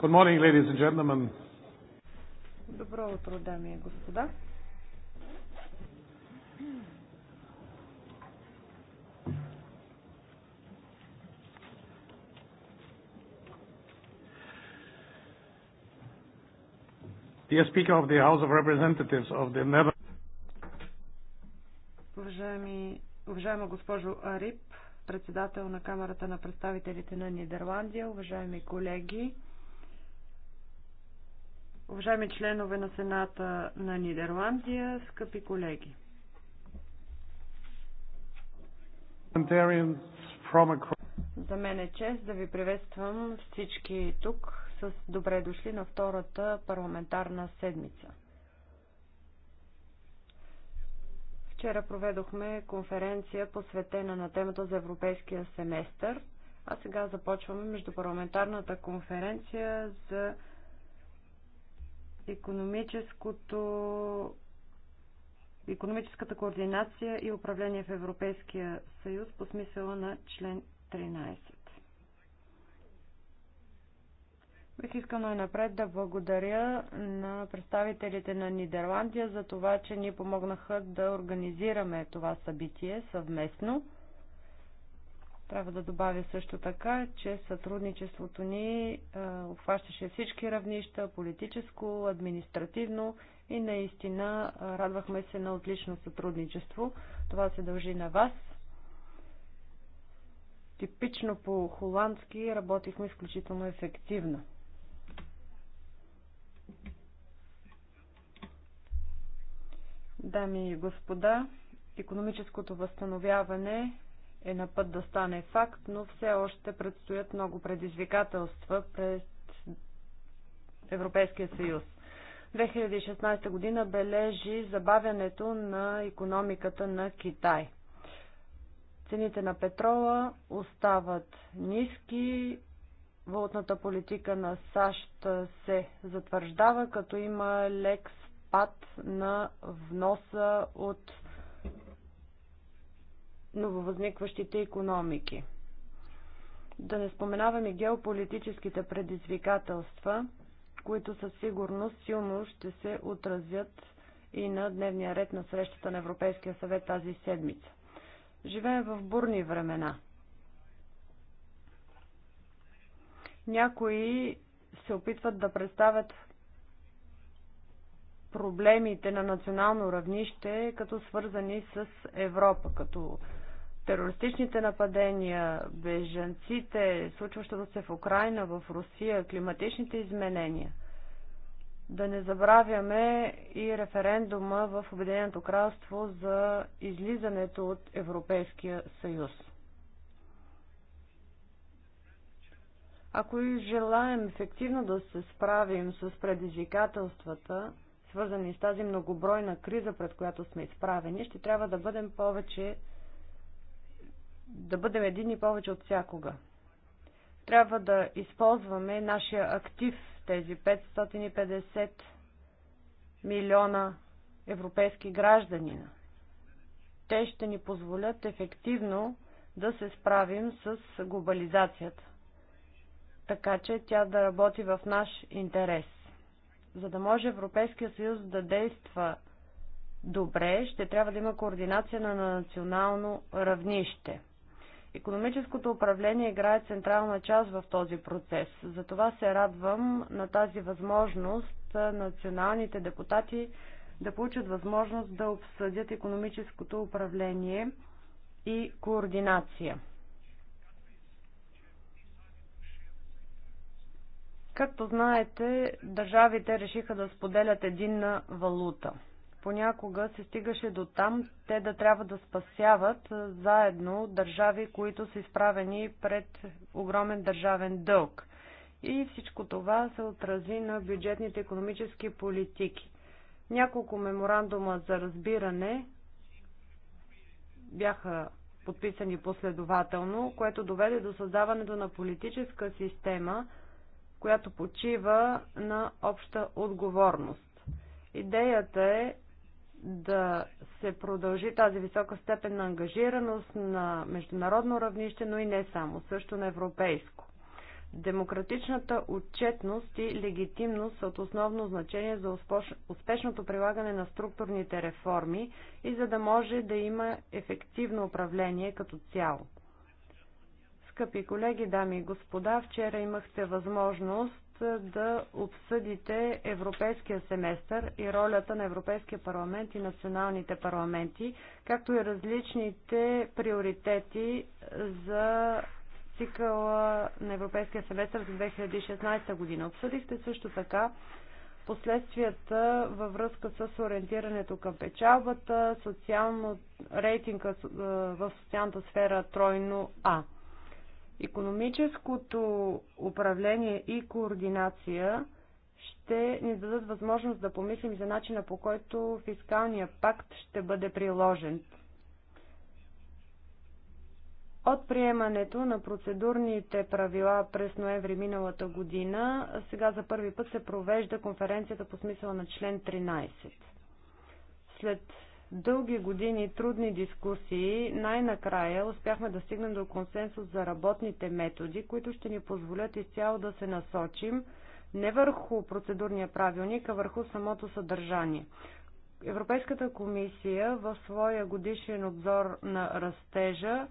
Good morning, ladies and gentlemen. Добро утро, дами и господа. Dear Speaker of the House of Representatives of the Netherlands. Уважаеми, уважаема госпожо Арип, председател на Камерата на представителите на Нидерландия, уважаеми колеги, Уважаеми членове на Сената на Нидерландия, скъпи колеги. За мен е чест да ви приветствам всички тук с добре дошли на втората парламентарна седмица. Вчера проведохме конференция посветена на темата за европейския семестър, а сега започваме междупарламентарната конференция за економическото економическата координация и управление в Европейския съюз по смисъла на член 13. Бих искал най-напред да благодаря на представителите на Нидерландия за това, че ни помогнаха да организираме това събитие съвместно. Трябва да добавя също така, че сътрудничеството ни обхващаше всички равнища, политическо, административно и наистина радвахме се на отлично сътрудничество. Това се дължи на вас. Типично по холандски работихме изключително ефективно. Дами и господа, економическото възстановяване е на път да стане факт, но все още предстоят много предизвикателства пред Европейския съюз. 2016 година бележи забавянето на економиката на Китай. Цените на петрола остават ниски, валутната политика на САЩ се затвърждава, като има лек спад на вноса от нововъзникващите економики. Да не споменаваме геополитическите предизвикателства, които със сигурност силно ще се отразят и на дневния ред на срещата на Европейския съвет тази седмица. Живеем в бурни времена. Някои се опитват да представят проблемите на национално равнище като свързани с Европа, като терористичните нападения, бежанците, случващото се в Украина, в Русия, климатичните изменения. Да не забравяме и референдума в Обединеното кралство за излизането от Европейския съюз. Ако желаем ефективно да се справим с предизвикателствата, свързани с тази многобройна криза, пред която сме изправени, ще трябва да бъдем повече да бъдем едини повече от всякога. Трябва да използваме нашия актив, тези 550 милиона европейски граждани. Те ще ни позволят ефективно да се справим с глобализацията, така че тя да работи в наш интерес. За да може Европейския съюз да действа добре, ще трябва да има координация на национално равнище – Економическото управление играе централна част в този процес. Затова се радвам на тази възможност националните депутати да получат възможност да обсъдят економическото управление и координация. Както знаете, държавите решиха да споделят единна валута – Понякога се стигаше до там те да трябва да спасяват заедно държави, които са изправени пред огромен държавен дълг. И всичко това се отрази на бюджетните економически политики. Няколко меморандума за разбиране бяха подписани последователно, което доведе до създаването на политическа система, която почива на обща отговорност. Идеята е да се продължи тази висока степен на ангажираност на международно равнище, но и не само, също на европейско. Демократичната отчетност и легитимност са от основно значение за успешното прилагане на структурните реформи и за да може да има ефективно управление като цяло. Скъпи колеги, дами и господа, вчера имахте възможност да обсъдите европейския семестър и ролята на Европейския парламент и националните парламенти, както и различните приоритети за цикъла на Европейския семестър за 2016 година. Обсъдихте също така последствията във връзка с ориентирането към печалбата, социално, рейтинга в социалната сфера тройно А. Економическото управление и координация ще ни дадат възможност да помислим за начина по който фискалния пакт ще бъде приложен. От приемането на процедурните правила през ноември миналата година, сега за първи път се провежда конференцията по смисъла на член 13. След дълги години трудни дискусии, най-накрая успяхме да стигнем до консенсус за работните методи, които ще ни позволят изцяло да се насочим не върху процедурния правилник, а върху самото съдържание. Европейската комисия в своя годишен обзор на растежа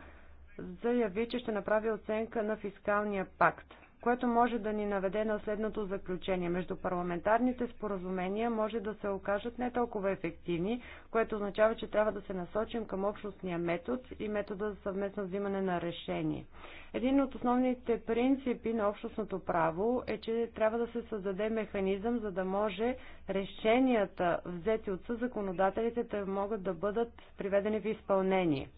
заяви, че ще направи оценка на фискалния пакт което може да ни наведе на следното заключение. Между парламентарните споразумения може да се окажат не толкова ефективни, което означава, че трябва да се насочим към общностния метод и метода за съвместно взимане на решение. Един от основните принципи на общностното право е, че трябва да се създаде механизъм, за да може решенията, взети от съзаконодателите, да могат да бъдат приведени в изпълнение.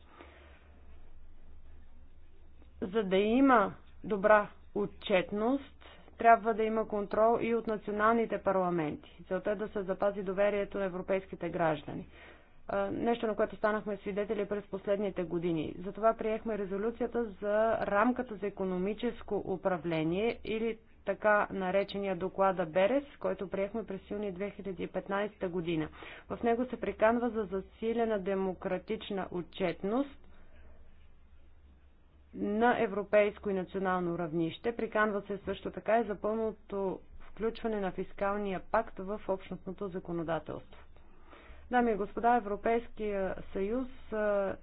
За да има добра отчетност, трябва да има контрол и от националните парламенти. Целта е да се запази доверието на европейските граждани. Нещо, на което станахме свидетели през последните години. Затова приехме резолюцията за рамката за економическо управление или така наречения доклада Берес, който приехме през юни 2015 година. В него се приканва за засилена демократична отчетност на европейско и национално равнище. Приканва се също така и за пълното включване на фискалния пакт в общностното законодателство. Дами и господа, Европейския съюз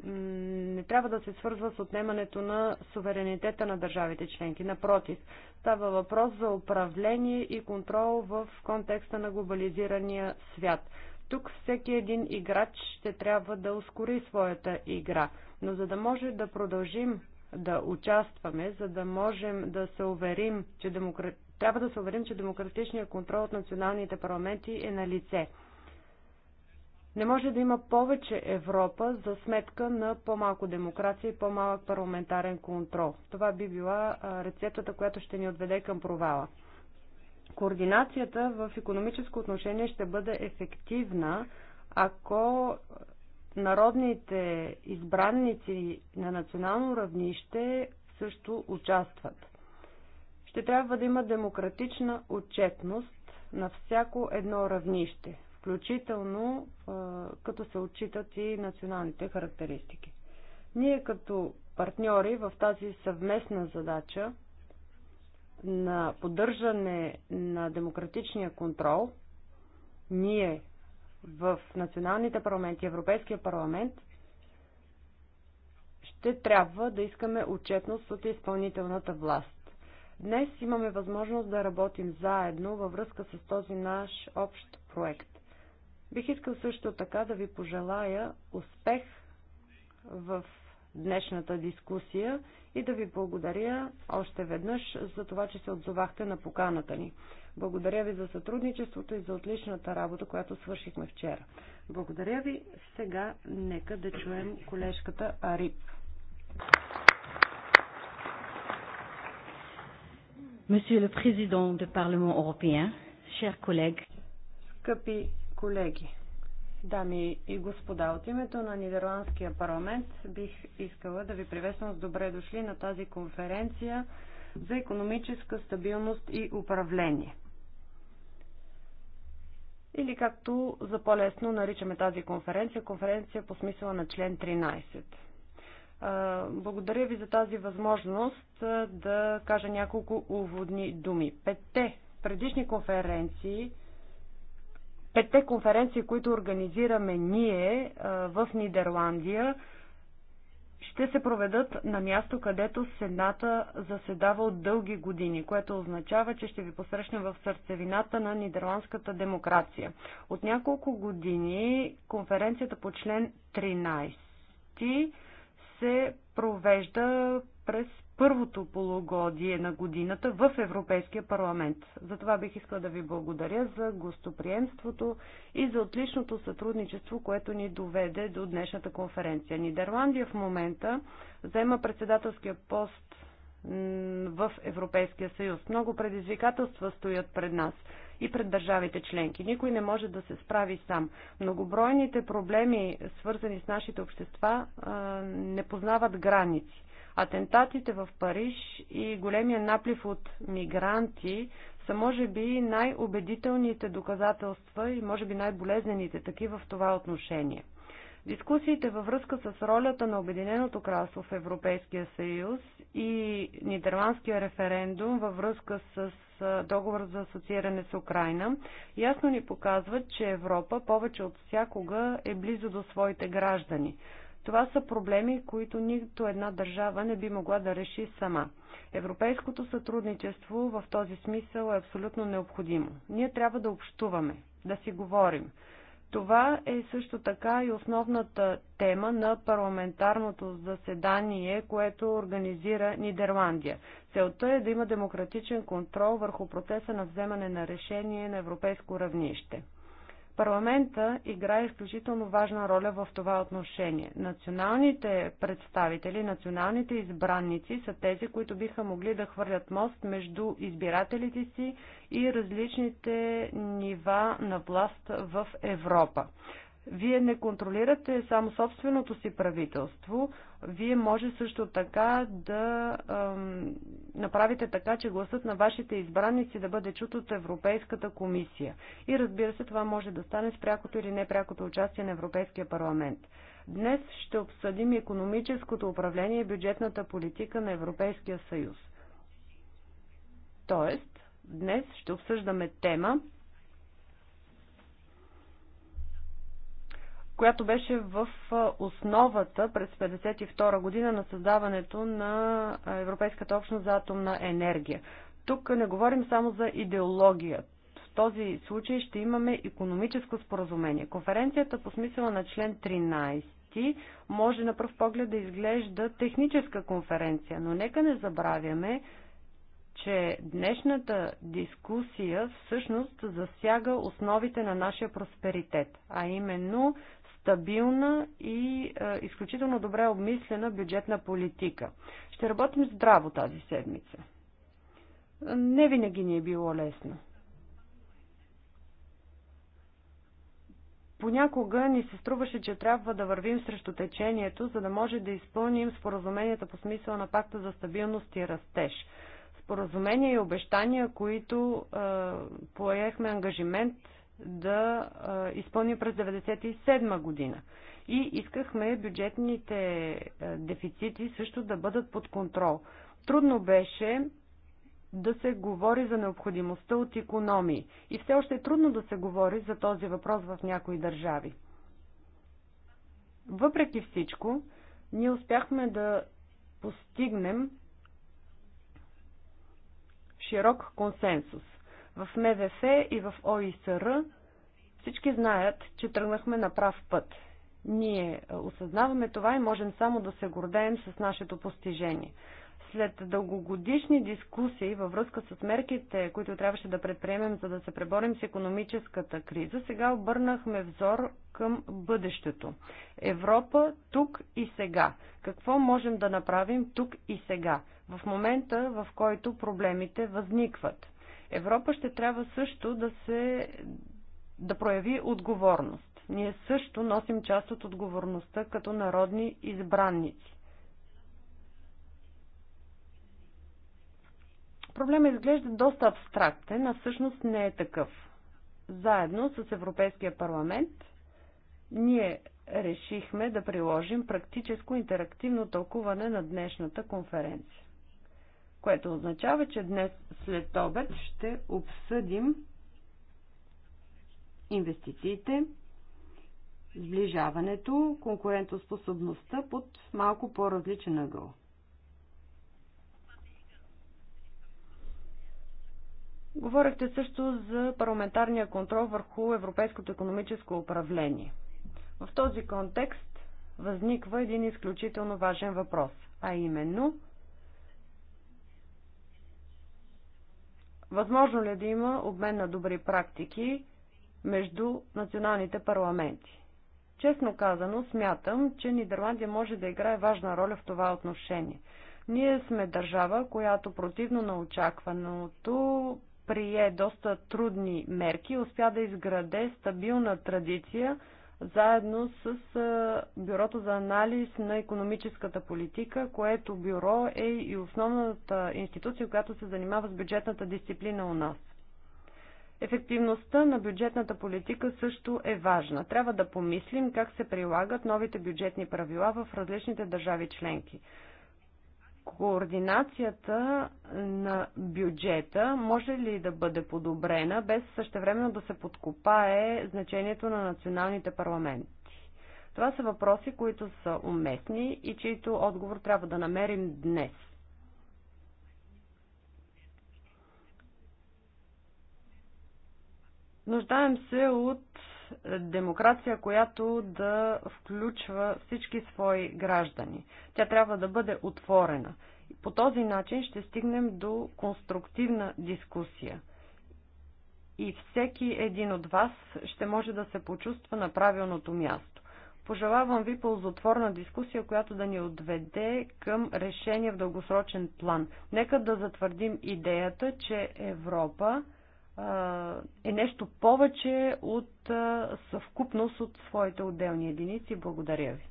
не трябва да се свързва с отнемането на суверенитета на държавите членки. Напротив, става въпрос за управление и контрол в контекста на глобализирания свят. Тук всеки един играч ще трябва да ускори своята игра. Но за да може да продължим да участваме, за да можем да се уверим, че демокра... трябва да се уверим, че демократичният контрол от националните парламенти е на лице. Не може да има повече Европа за сметка на по-малко демокрация и по-малък парламентарен контрол. Това би била рецептата, която ще ни отведе към провала. Координацията в економическо отношение ще бъде ефективна, ако народните избранници на национално равнище също участват. Ще трябва да има демократична отчетност на всяко едно равнище, включително като се отчитат и националните характеристики. Ние като партньори в тази съвместна задача на поддържане на демократичния контрол, ние в националните парламенти, Европейския парламент, ще трябва да искаме отчетност от изпълнителната власт. Днес имаме възможност да работим заедно във връзка с този наш общ проект. Бих искал също така да ви пожелая успех в днешната дискусия и да ви благодаря още веднъж за това, че се отзовахте на поканата ни. Благодаря ви за сътрудничеството и за отличната работа, която свършихме вчера. Благодаря ви. Сега нека да чуем колежката Арип. Monsieur le Président du Parlement européen, chers collègues, Скъпи колеги, Дами и господа, от името на Нидерландския парламент бих искала да ви приветствам с добре дошли на тази конференция за економическа стабилност и управление. Или както за по-лесно наричаме тази конференция, конференция по смисъла на член 13. Благодаря ви за тази възможност да кажа няколко уводни думи. Петте предишни конференции – петте конференции, които организираме ние в Нидерландия, ще се проведат на място, където Сената заседава от дълги години, което означава, че ще ви посрещнем в сърцевината на нидерландската демокрация. От няколко години конференцията по член 13 се провежда през първото полугодие на годината в Европейския парламент. За това бих искала да ви благодаря за гостоприемството и за отличното сътрудничество, което ни доведе до днешната конференция. Нидерландия в момента заема председателския пост в Европейския съюз. Много предизвикателства стоят пред нас и пред държавите членки. Никой не може да се справи сам. Многобройните проблеми, свързани с нашите общества, не познават граници. Атентатите в Париж и големия наплив от мигранти са може би най-убедителните доказателства и може би най-болезнените такива в това отношение. Дискусиите във връзка с ролята на Обединеното кралство в Европейския съюз и нидерландския референдум във връзка с договор за асоцииране с Украина ясно ни показват, че Европа повече от всякога е близо до своите граждани. Това са проблеми, които нито една държава не би могла да реши сама. Европейското сътрудничество в този смисъл е абсолютно необходимо. Ние трябва да общуваме, да си говорим. Това е също така и основната тема на парламентарното заседание, което организира Нидерландия. Целта е да има демократичен контрол върху процеса на вземане на решение на европейско равнище. Парламента играе изключително важна роля в това отношение. Националните представители, националните избранници са тези, които биха могли да хвърлят мост между избирателите си и различните нива на власт в Европа. Вие не контролирате само собственото си правителство, вие може също така да ем, направите така, че гласът на вашите избраници да бъде чут от Европейската комисия. И разбира се, това може да стане с прякото или непрякото участие на Европейския парламент. Днес ще обсъдим економическото управление и бюджетната политика на Европейския съюз. Тоест, днес ще обсъждаме тема, която беше в основата през 1952 година на създаването на Европейската общност за атомна енергия. Тук не говорим само за идеология. В този случай ще имаме економическо споразумение. Конференцията по смисъла на член 13 може на пръв поглед да изглежда техническа конференция, но нека не забравяме, че днешната дискусия всъщност засяга основите на нашия просперитет, а именно стабилна и а, е, изключително добре обмислена бюджетна политика. Ще работим здраво тази седмица. Не винаги ни е било лесно. Понякога ни се струваше, че трябва да вървим срещу течението, за да може да изпълним споразуменията по смисъла на пакта за стабилност и растеж. Споразумения и обещания, които а, е, поехме ангажимент да изпълни през 1997 година. И искахме бюджетните дефицити също да бъдат под контрол. Трудно беше да се говори за необходимостта от економии. И все още е трудно да се говори за този въпрос в някои държави. Въпреки всичко, ние успяхме да постигнем широк консенсус. В МВФ и в ОИСР всички знаят, че тръгнахме на прав път. Ние е, осъзнаваме това и можем само да се гордеем с нашето постижение. След дългогодишни дискусии във връзка с мерките, които трябваше да предприемем, за да се преборим с економическата криза, сега обърнахме взор към бъдещето. Европа тук и сега. Какво можем да направим тук и сега, в момента в който проблемите възникват? Европа ще трябва също да се да прояви отговорност. Ние също носим част от отговорността като народни избранници. Проблемът изглежда доста абстрактен, а всъщност не е такъв. Заедно с Европейския парламент ние решихме да приложим практическо интерактивно тълкуване на днешната конференция което означава, че днес след обед ще обсъдим инвестициите, сближаването, конкурентоспособността под малко по-различен ъгъл. Говорихте също за парламентарния контрол върху европейското економическо управление. В този контекст възниква един изключително важен въпрос, а именно – Възможно ли е да има обмен на добри практики между националните парламенти? Честно казано, смятам, че Нидерландия може да играе важна роля в това отношение. Ние сме държава, която противно на очакваното прие доста трудни мерки и успя да изграде стабилна традиция – заедно с Бюрото за анализ на економическата политика, което бюро е и основната институция, която се занимава с бюджетната дисциплина у нас. Ефективността на бюджетната политика също е важна. Трябва да помислим как се прилагат новите бюджетни правила в различните държави членки координацията на бюджета може ли да бъде подобрена, без същевременно да се подкопае значението на националните парламенти? Това са въпроси, които са уместни и чието отговор трябва да намерим днес. Нуждаем се от демокрация, която да включва всички свои граждани. Тя трябва да бъде отворена. По този начин ще стигнем до конструктивна дискусия. И всеки един от вас ще може да се почувства на правилното място. Пожелавам ви ползотворна дискусия, която да ни отведе към решение в дългосрочен план. Нека да затвърдим идеята, че Европа е нещо повече от съвкупност от своите отделни единици. Благодаря ви.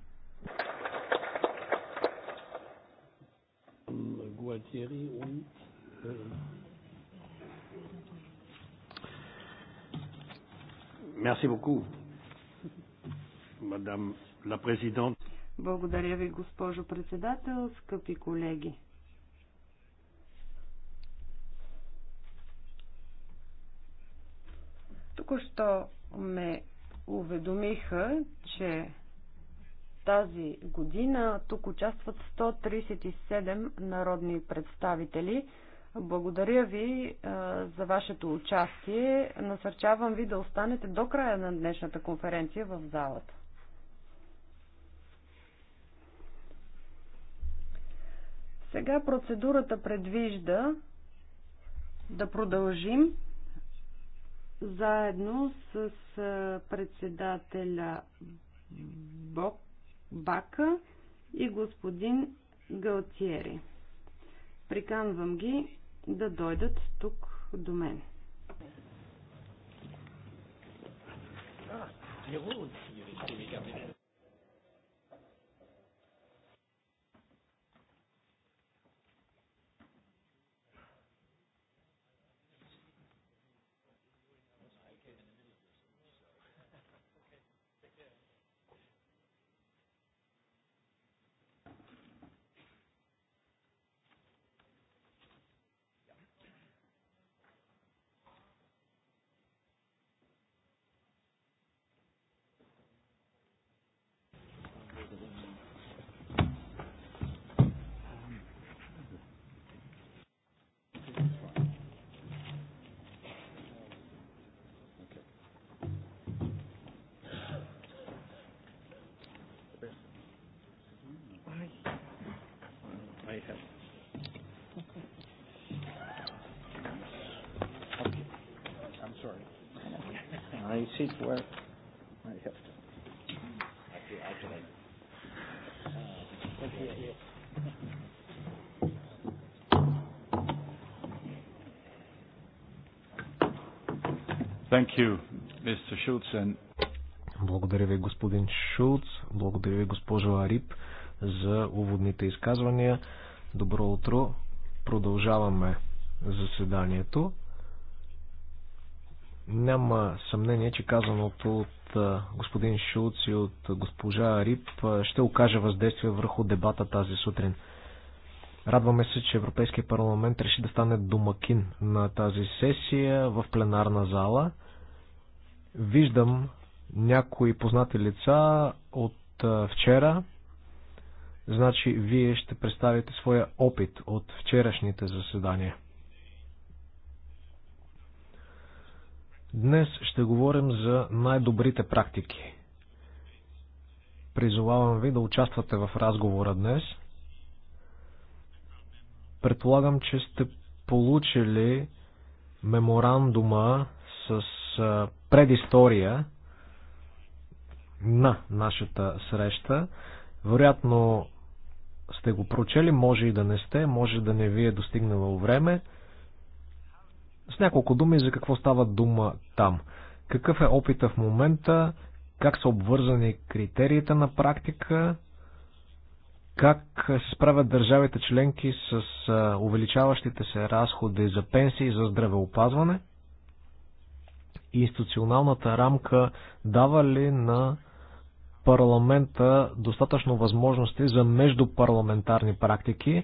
Е, Merci beaucoup, Madame la Présidente. Благодаря ви, госпожо председател, скъпи колеги. Току-що ме уведомиха, че тази година тук участват 137 народни представители. Благодаря ви за вашето участие. Насърчавам ви да останете до края на днешната конференция в залата. Сега процедурата предвижда да продължим заедно с председателя Бок, Бака и господин Галтиери. Приканвам ги да дойдат тук до мен. Ah, Thank you, Mr. Schultz, and... Благодаря ви, господин Шулц. Благодаря ви, госпожо Ариб, за уводните изказвания. Добро утро. Продължаваме заседанието. Няма съмнение, че казаното от господин Шулц и от госпожа Ариб ще окаже въздействие върху дебата тази сутрин. Радваме се, че Европейския парламент реши да стане домакин на тази сесия в пленарна зала. Виждам някои познати лица от вчера. Значи, вие ще представите своя опит от вчерашните заседания. Днес ще говорим за най-добрите практики. Призовавам ви да участвате в разговора днес – Предполагам, че сте получили меморандума с предистория на нашата среща. Вероятно сте го прочели, може и да не сте, може да не ви е достигнало време. С няколко думи за какво става дума там. Какъв е опита в момента, как са обвързани критериите на практика, как се справят държавите членки с увеличаващите се разходи за пенсии за здравеопазване? Институционалната рамка дава ли на парламента достатъчно възможности за междупарламентарни практики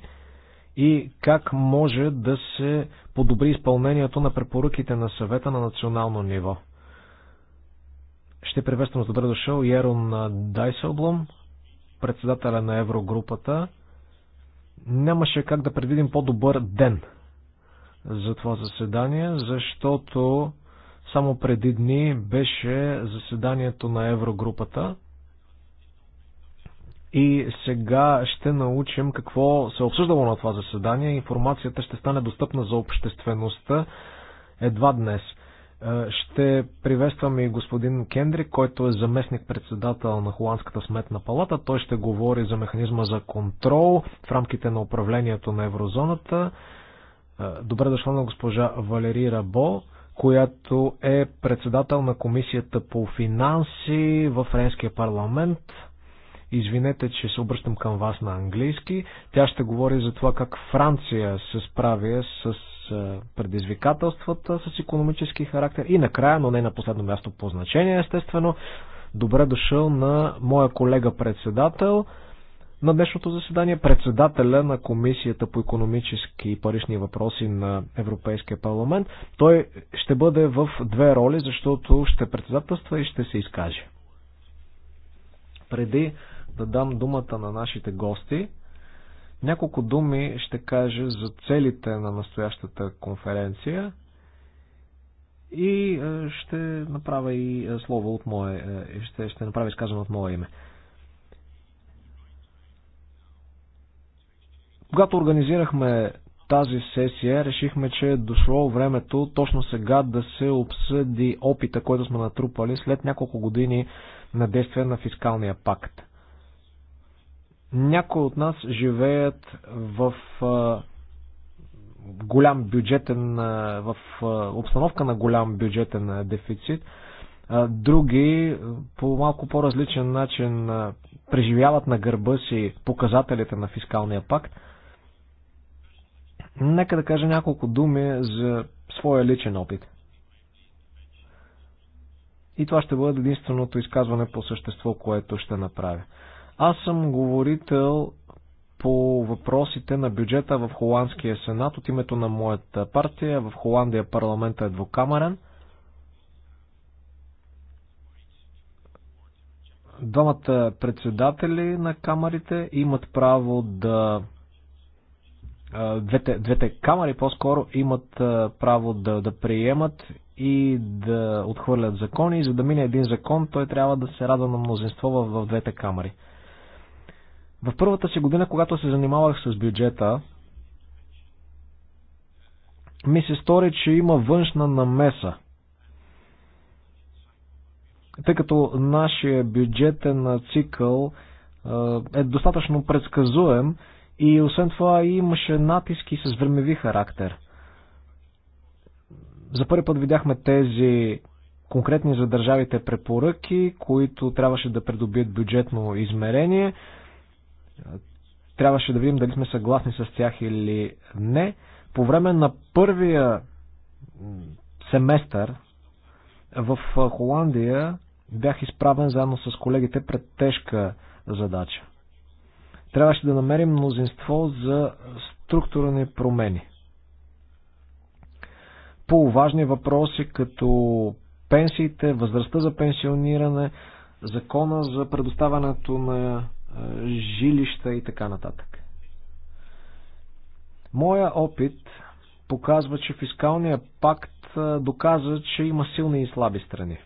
и как може да се подобри изпълнението на препоръките на съвета на национално ниво? Ще приветствам с добре дошъл Ерон Дайселблом, председателя на Еврогрупата. Нямаше как да предвидим по-добър ден за това заседание, защото само преди дни беше заседанието на Еврогрупата. И сега ще научим какво се е обсъждало на това заседание. Информацията ще стане достъпна за обществеността едва днес. Е, ще приветствам и господин Кендри, който е заместник-председател на Холандската сметна палата. Той ще говори за механизма за контрол в рамките на управлението на еврозоната. Е, добре дошла на госпожа Валери Рабо, която е председател на Комисията по финанси в Френския парламент. Извинете, че се обръщам към вас на английски. Тя ще говори за това как Франция се справя с предизвикателствата с економически характер и накрая, но не на последно място по значение, естествено, добре дошъл на моя колега председател на днешното заседание, председателя на Комисията по економически и парични въпроси на Европейския парламент. Той ще бъде в две роли, защото ще председателства и ще се изкаже. Преди да дам думата на нашите гости, няколко думи ще кажа за целите на настоящата конференция и е, ще направя и е, слово от мое, е, ще, ще направя изказване от мое име. Когато организирахме тази сесия, решихме, че е дошло времето точно сега да се обсъди опита, който сме натрупали след няколко години на действие на фискалния пакт. Някои от нас живеят в голям бюджетен, в обстановка на голям бюджетен дефицит. Други по малко по-различен начин преживяват на гърба си показателите на фискалния пакт. Нека да кажа няколко думи за своя личен опит. И това ще бъде единственото изказване по същество, което ще направя. Аз съм говорител по въпросите на бюджета в Холандския сенат от името на моята партия. В Холандия парламента е двукамерен. Двамата председатели на камерите имат право да. Двете, двете камери по-скоро имат право да, да приемат и да отхвърлят закони. За да мине един закон, той трябва да се радва на мнозинство в, в двете камери. В първата си година, когато се занимавах с бюджета, ми се стори, че има външна намеса. Тъй като нашия бюджетен цикъл е достатъчно предсказуем и освен това имаше натиски с времеви характер. За първи път видяхме тези конкретни за държавите препоръки, които трябваше да придобият бюджетно измерение – Трябваше да видим дали сме съгласни с тях или не. По време на първия семестър в Холандия бях изправен заедно с колегите пред тежка задача. Трябваше да намерим мнозинство за структурни промени. По-важни въпроси като пенсиите, възрастта за пенсиониране, закона за предоставянето на жилища и така нататък. Моя опит показва, че фискалният пакт доказа, че има силни и слаби страни.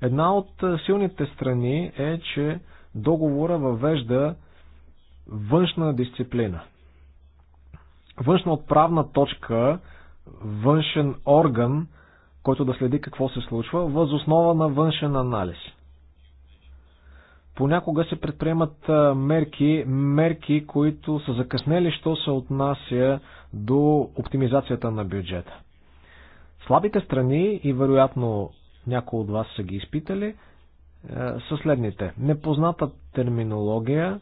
Една от силните страни е, че договора въвежда външна дисциплина. Външна отправна точка, външен орган, който да следи какво се случва, въз основа на външен анализ – Понякога се предприемат мерки, мерки, които са закъснели, що се отнася до оптимизацията на бюджета. Слабите страни, и вероятно някои от вас са ги изпитали, са следните. Непозната терминология,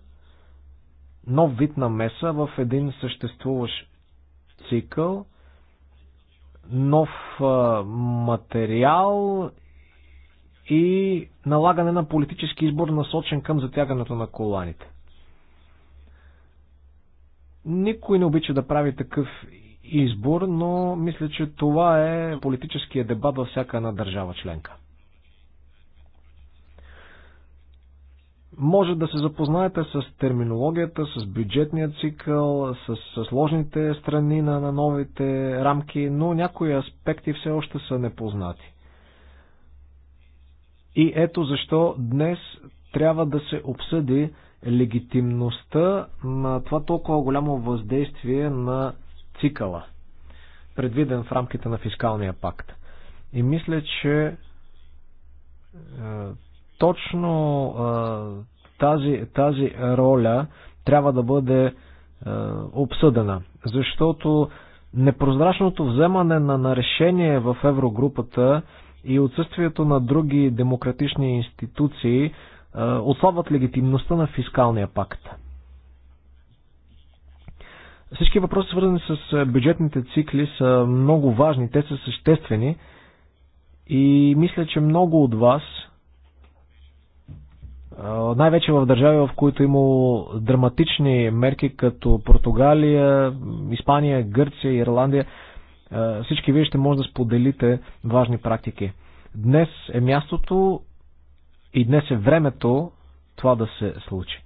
нов вид на меса в един съществуващ цикъл, нов материал и налагане на политически избор насочен към затягането на коланите. Никой не обича да прави такъв избор, но мисля, че това е политическия дебат във всяка една държава членка. Може да се запознаете с терминологията, с бюджетния цикъл, с, с сложните страни на, на новите рамки, но някои аспекти все още са непознати. И ето защо днес трябва да се обсъди легитимността на това толкова голямо въздействие на цикъла, предвиден в рамките на фискалния пакт. И мисля, че е, точно е, тази, тази роля трябва да бъде е, обсъдена, защото непрозрачното вземане на, на решение в Еврогрупата е, и отсъствието на други демократични институции е, отслабват легитимността на фискалния пакт. Всички въпроси, свързани с е, бюджетните цикли, са много важни, те са съществени и мисля, че много от вас, е, най-вече в държави, в които има драматични мерки, като Португалия, Испания, Гърция, Ирландия, е, всички вие ще може да споделите важни практики. Днес е мястото и днес е времето това да се случи.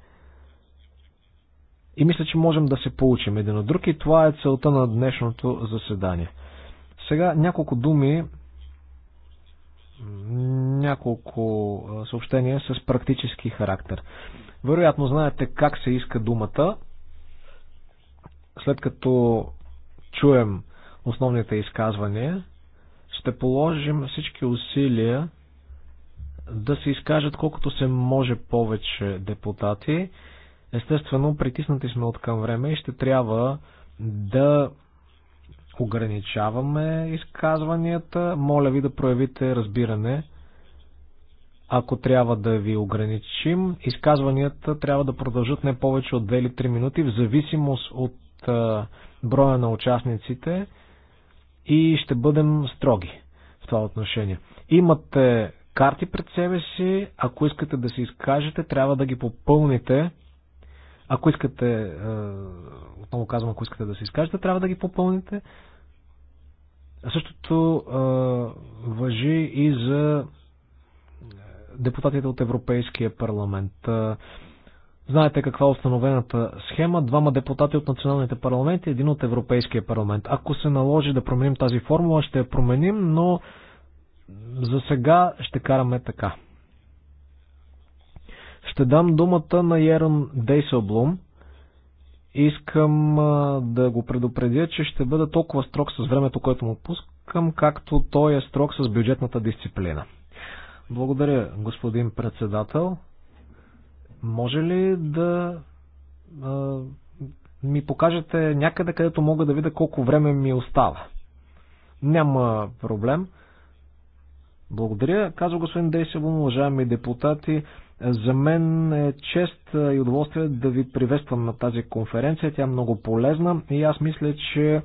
И мисля, че можем да се получим един от друг и това е целта на днешното заседание. Сега няколко думи, няколко е, съобщения с практически характер. Вероятно знаете как се иска думата. След като чуем основните изказвания. Ще положим всички усилия да се изкажат колкото се може повече депутати. Естествено, притиснати сме от към време и ще трябва да ограничаваме изказванията. Моля ви да проявите разбиране. Ако трябва да ви ограничим, изказванията трябва да продължат не повече от 2 или 3 минути, в зависимост от броя на участниците и ще бъдем строги в това отношение. Имате карти пред себе си, ако искате да се изкажете, трябва да ги попълните. Ако искате, е, отново казвам, ако искате да се изкажете, трябва да ги попълните. Същото е, въжи и за е, депутатите от Европейския парламент. Знаете каква е установената схема. Двама депутати от националните парламенти, един от Европейския парламент. Ако се наложи да променим тази формула, ще я променим, но за сега ще караме така. Ще дам думата на Ерон Дейселблум. Искам да го предупредя, че ще бъда толкова строг с времето, което му пускам, както той е строг с бюджетната дисциплина. Благодаря, господин председател. Може ли да а, ми покажете някъде, където мога да видя колко време ми остава? Няма проблем. Благодаря, казва господин Дейсевон, уважаеми депутати. За мен е чест и удоволствие да ви приветствам на тази конференция. Тя е много полезна и аз мисля, че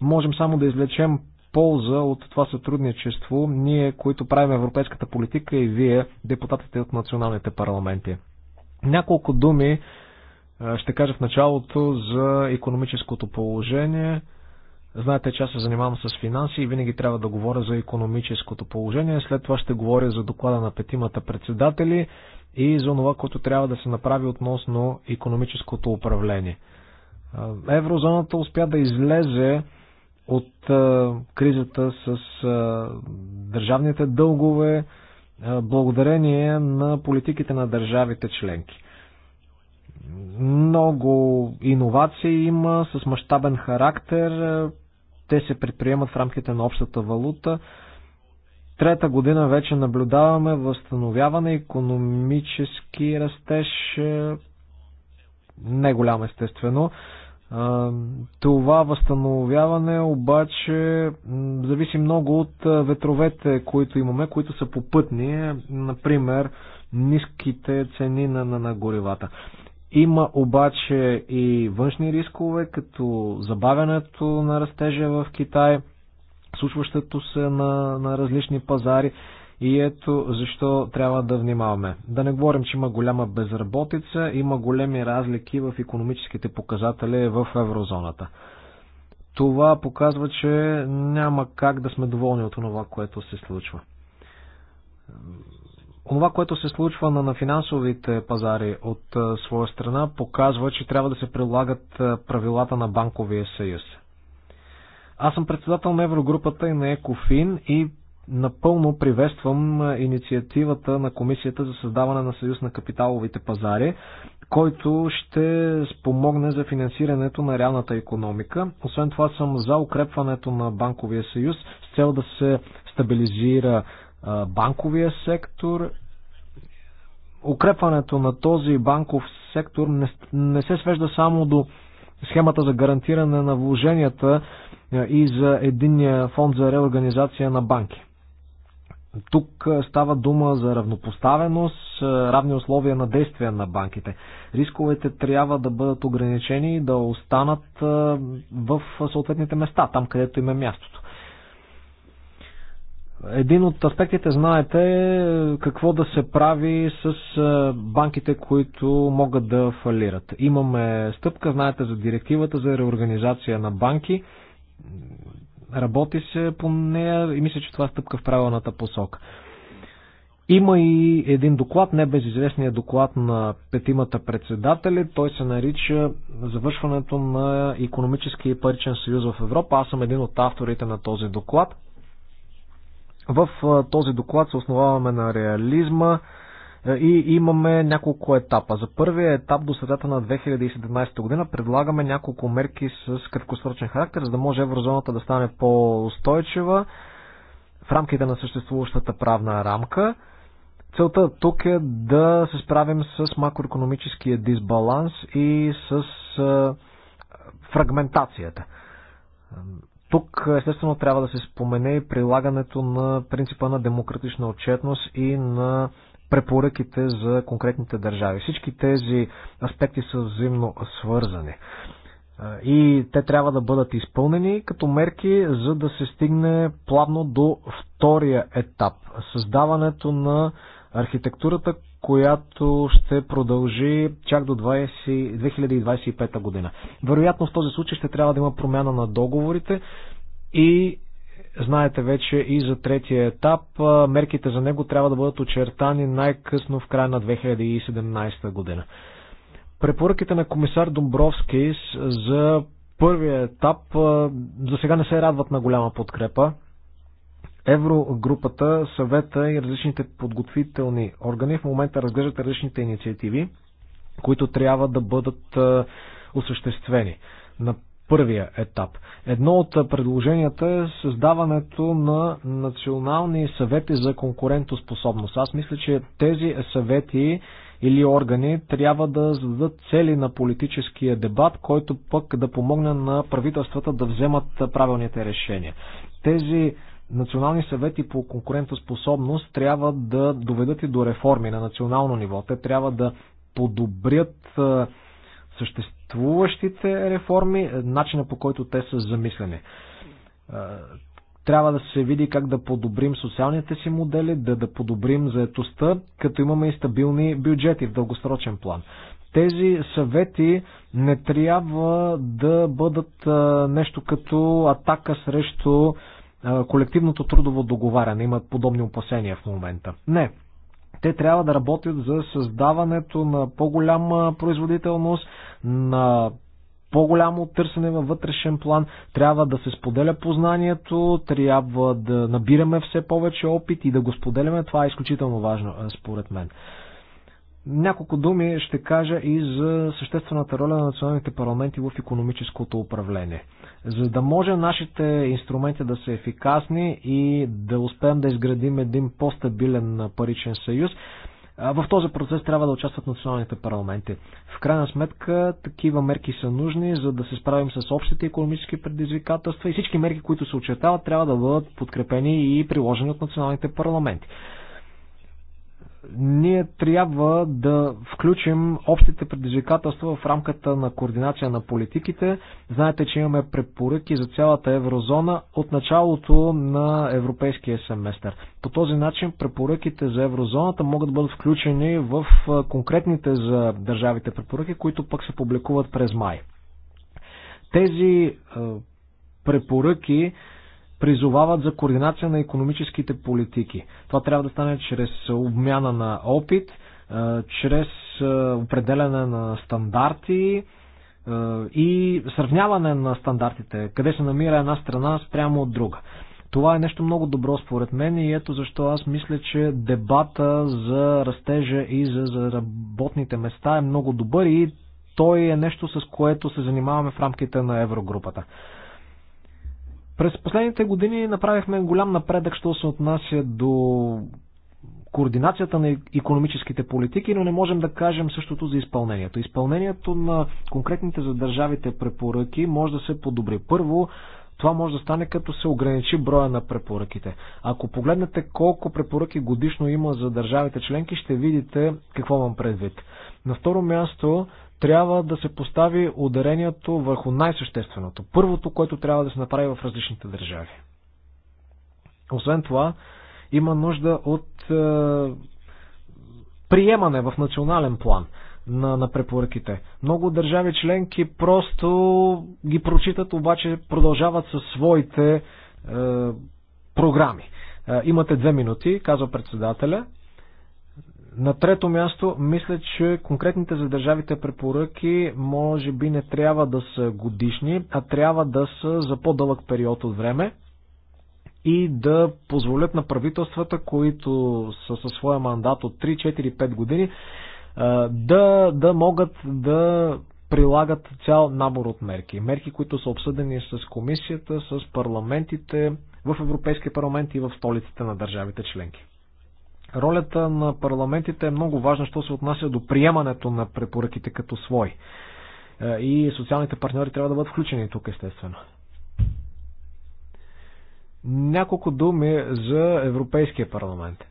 можем само да извлечем полза от това сътрудничество, ние, които правим европейската политика и вие, депутатите от националните парламенти. Няколко думи ще кажа в началото за економическото положение. Знаете, че аз се занимавам с финанси и винаги трябва да говоря за економическото положение. След това ще говоря за доклада на петимата председатели и за това, което трябва да се направи относно економическото управление. Еврозоната успя да излезе от кризата с държавните дългове, е, благодарение на политиките на държавите членки. Много иновации има с мащабен характер. Е, те се предприемат в рамките на общата валута. Трета година вече наблюдаваме възстановяване, економически растеж, е, не голям естествено. Това възстановяване обаче зависи много от ветровете, които имаме, които са попътни, например ниските цени на, на, на горивата. Има обаче и външни рискове, като забавянето на растежа в Китай, случващото се на, на различни пазари. И ето защо трябва да внимаваме. Да не говорим, че има голяма безработица, има големи разлики в економическите показатели в еврозоната. Това показва, че няма как да сме доволни от това, което се случва. Онова, което се случва на, финансовите пазари от своя страна, показва, че трябва да се прилагат правилата на банковия съюз. Аз съм председател на Еврогрупата и на Екофин и Напълно приветствам инициативата на Комисията за създаване на Съюз на капиталовите пазари, който ще спомогне за финансирането на реалната економика. Освен това съм за укрепването на банковия съюз с цел да се стабилизира банковия сектор. Укрепването на този банков сектор не, се свежда само до схемата за гарантиране на вложенията и за единния фонд за реорганизация на банки. Тук става дума за равнопоставеност, равни условия на действие на банките. Рисковете трябва да бъдат ограничени и да останат в съответните места, там където им е мястото. Един от аспектите, знаете, е какво да се прави с банките, които могат да фалират. Имаме стъпка, знаете, за директивата за реорганизация на банки работи се по нея и мисля, че това е стъпка в правилната посока. Има и един доклад, не безизвестният доклад на петимата председатели. Той се нарича Завършването на економически и паричен съюз в Европа. Аз съм един от авторите на този доклад. В този доклад се основаваме на реализма, е, и имаме няколко етапа. За първия етап до средата на 2017 година предлагаме няколко мерки с краткосрочен характер, за да може еврозоната да стане по-устойчива в рамките на съществуващата правна рамка. Целта тук е да се справим с макроекономическия дисбаланс и с е, фрагментацията. Тук естествено трябва да се спомене и прилагането на принципа на демократична отчетност и на препоръките за конкретните държави. Всички тези аспекти са взаимно свързани. И те трябва да бъдат изпълнени като мерки, за да се стигне плавно до втория етап създаването на архитектурата, която ще продължи чак до 20, 2025 година. Вероятно в този случай ще трябва да има промяна на договорите и Знаете вече и за третия етап. Мерките за него трябва да бъдат очертани най-късно в края на 2017 година. Препоръките на комисар Домбровски за първия етап за сега не се радват на голяма подкрепа. Еврогрупата, съвета и различните подготвителни органи в момента разглеждат различните инициативи, които трябва да бъдат осъществени. На първия етап. Едно от предложенията е създаването на национални съвети за конкурентоспособност. Аз мисля, че тези съвети или органи трябва да зададат цели на политическия дебат, който пък да помогне на правителствата да вземат правилните решения. Тези национални съвети по конкурентоспособност трябва да доведат и до реформи на национално ниво. Те трябва да подобрят съществуването съществуващите реформи, начина по който те са замислени. Трябва да се види как да подобрим социалните си модели, да, да подобрим заетостта, като имаме и стабилни бюджети в дългосрочен план. Тези съвети не трябва да бъдат нещо като атака срещу колективното трудово договаряне. Имат подобни опасения в момента. Не, те трябва да работят за създаването на по-голяма производителност, на по-голямо търсене във вътрешен план, трябва да се споделя познанието, трябва да набираме все повече опит и да го споделяме. Това е изключително важно, е, според мен. Няколко думи ще кажа и за съществената роля на националните парламенти в економическото управление. За да може нашите инструменти да са ефикасни и да успеем да изградим един по-стабилен паричен съюз, в този процес трябва да участват националните парламенти. В крайна сметка, такива мерки са нужни, за да се справим с общите економически предизвикателства и всички мерки, които се очертават, трябва да бъдат подкрепени и приложени от националните парламенти ние трябва да включим общите предизвикателства в рамката на координация на политиките. Знаете, че имаме препоръки за цялата еврозона от началото на европейския семестър. По този начин препоръките за еврозоната могат да бъдат включени в конкретните за държавите препоръки, които пък се публикуват през май. Тези препоръки призовават за координация на економическите политики. Това трябва да стане чрез обмяна на опит, е, чрез е, определяне на стандарти е, и сравняване на стандартите, къде се намира една страна спрямо от друга. Това е нещо много добро според мен и ето защо аз мисля, че дебата за растежа и за, за работните места е много добър и той е нещо с което се занимаваме в рамките на Еврогрупата. През последните години направихме голям напредък, що се отнася до координацията на економическите политики, но не можем да кажем същото за изпълнението. Изпълнението на конкретните за държавите препоръки може да се подобри. Първо, това може да стане като се ограничи броя на препоръките. Ако погледнете колко препоръки годишно има за държавите членки, ще видите какво имам предвид. На второ място, трябва да се постави ударението върху най-същественото. Първото, което трябва да се направи в различните държави. Освен това, има нужда от е, приемане в национален план на, на препоръките. Много държави членки просто ги прочитат, обаче продължават със своите е, програми. Е, имате две минути, казва председателя. На трето място, мисля, че конкретните за държавите препоръки може би не трябва да са годишни, а трябва да са за по-дълъг период от време и да позволят на правителствата, които са със своя мандат от 3, 4, 5 години, да, да могат да прилагат цял набор от мерки. Мерки, които са обсъдени с комисията, с парламентите, в Европейския парламент и в столиците на държавите членки. Ролята на парламентите е много важна, що се отнася до приемането на препоръките като свой. Е, и социалните партньори трябва да бъдат включени тук, естествено. Няколко думи за Европейския парламент.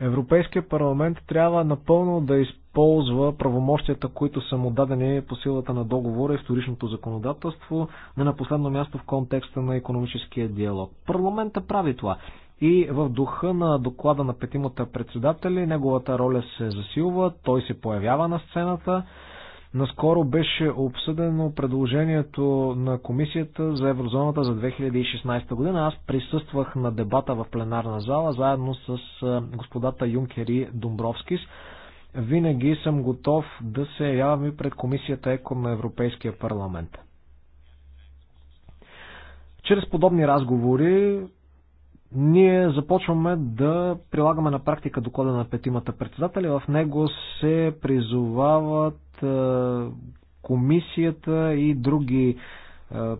Европейския парламент трябва напълно да използва правомощията, които са му дадени по силата на договора и вторичното законодателство, не на последно място в контекста на економическия диалог. Парламента прави това. И в духа на доклада на петимата председатели, неговата роля се засилва, той се появява на сцената. Наскоро беше обсъдено предложението на комисията за еврозоната за 2016 година. Аз присъствах на дебата в пленарна зала заедно с господата Юнкер и Домбровскис. Винаги съм готов да се явам и пред комисията ЕКО на Европейския парламент. Чрез подобни разговори ние започваме да прилагаме на практика доклада на петимата председатели. В него се призовават е, комисията и други е,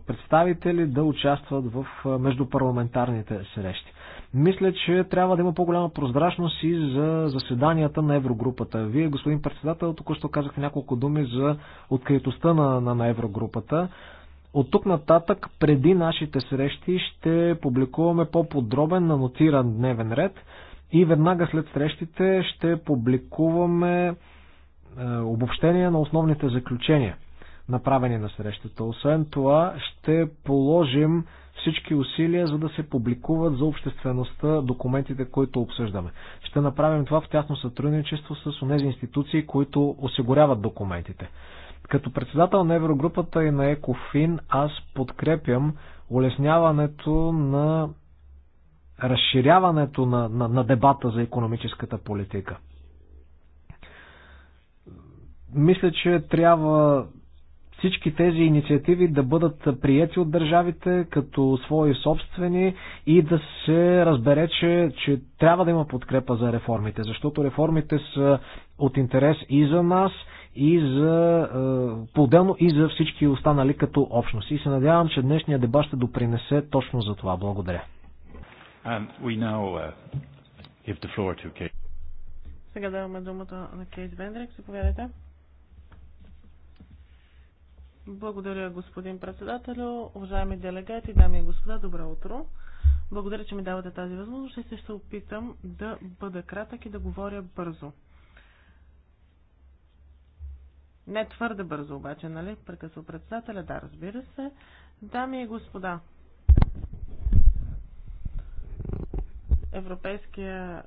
представители да участват в е, междупарламентарните срещи. Мисля, че трябва да има по-голяма прозрачност и за заседанията на Еврогрупата. Вие, господин председател, току-що казахте няколко думи за откритостта на, на, на Еврогрупата. От тук нататък, преди нашите срещи, ще публикуваме по-подробен анотиран дневен ред и веднага след срещите ще публикуваме е, обобщение на основните заключения, направени на срещата. Освен това, ще положим всички усилия, за да се публикуват за обществеността документите, които обсъждаме. Ще направим това в тясно сътрудничество с тези институции, които осигуряват документите. Като председател на Еврогрупата и на Екофин, аз подкрепям улесняването на разширяването на, на, на дебата за економическата политика. Мисля, че трябва всички тези инициативи да бъдат приети от държавите като свои собствени и да се разбере, че, че трябва да има подкрепа за реформите, защото реформите са от интерес и за нас, и за, е, по-отделно и за всички останали като общност. И се надявам, че днешния дебат ще допринесе точно за това. Благодаря. Uh, Сега даваме думата на Кейт Вендрик. Заповядайте. Благодаря, господин председател, Уважаеми делегати, дами и господа, добро утро. Благодаря, че ми давате тази възможност и се ще опитам да бъда кратък и да говоря бързо. Не твърде бързо обаче, нали? Прекъсва председателя. Да, разбира се. Дами и господа, Европейския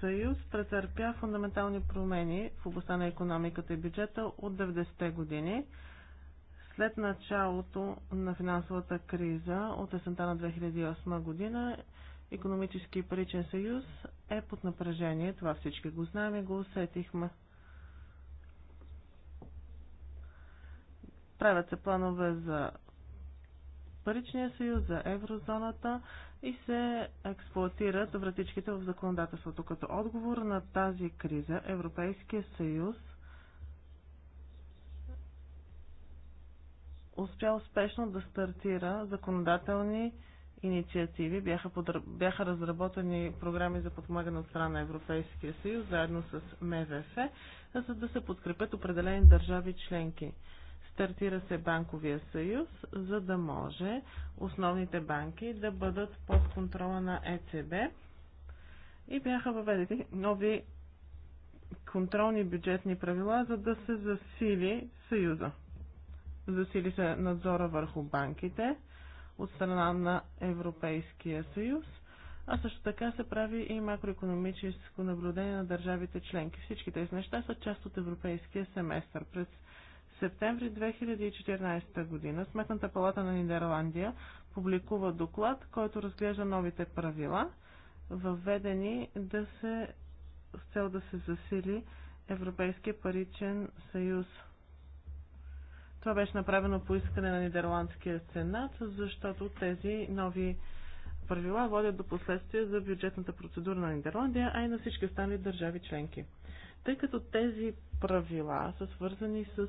съюз претърпя фундаментални промени в областта на економиката и бюджета от 90-те години. След началото на финансовата криза от есента на 2008 година, економически и паричен съюз е под напрежение. Това всички го знаем и го усетихме. Правят се планове за паричния съюз, за еврозоната и се експлуатират вратичките в законодателството. Като отговор на тази криза Европейския съюз успя успешно да стартира законодателни инициативи. Бяха, подр... бяха разработени програми за подпомагане от страна на Европейския съюз, заедно с МВФ, за да се подкрепят определени държави членки. Стартира се банковия съюз, за да може основните банки да бъдат под контрола на ЕЦБ и бяха въведени нови контролни бюджетни правила, за да се засили съюза. Засили се надзора върху банките от страна на Европейския съюз, а също така се прави и макроекономическо наблюдение на държавите членки. Всички тези неща са част от европейския семестър. През септември 2014 година Сметната палата на Нидерландия публикува доклад, който разглежда новите правила, въведени да се, с цел да се засили Европейския паричен съюз. Това беше направено по искане на Нидерландския сенат, защото тези нови правила водят до последствия за бюджетната процедура на Нидерландия, а и на всички останали държави членки тъй като тези правила са свързани с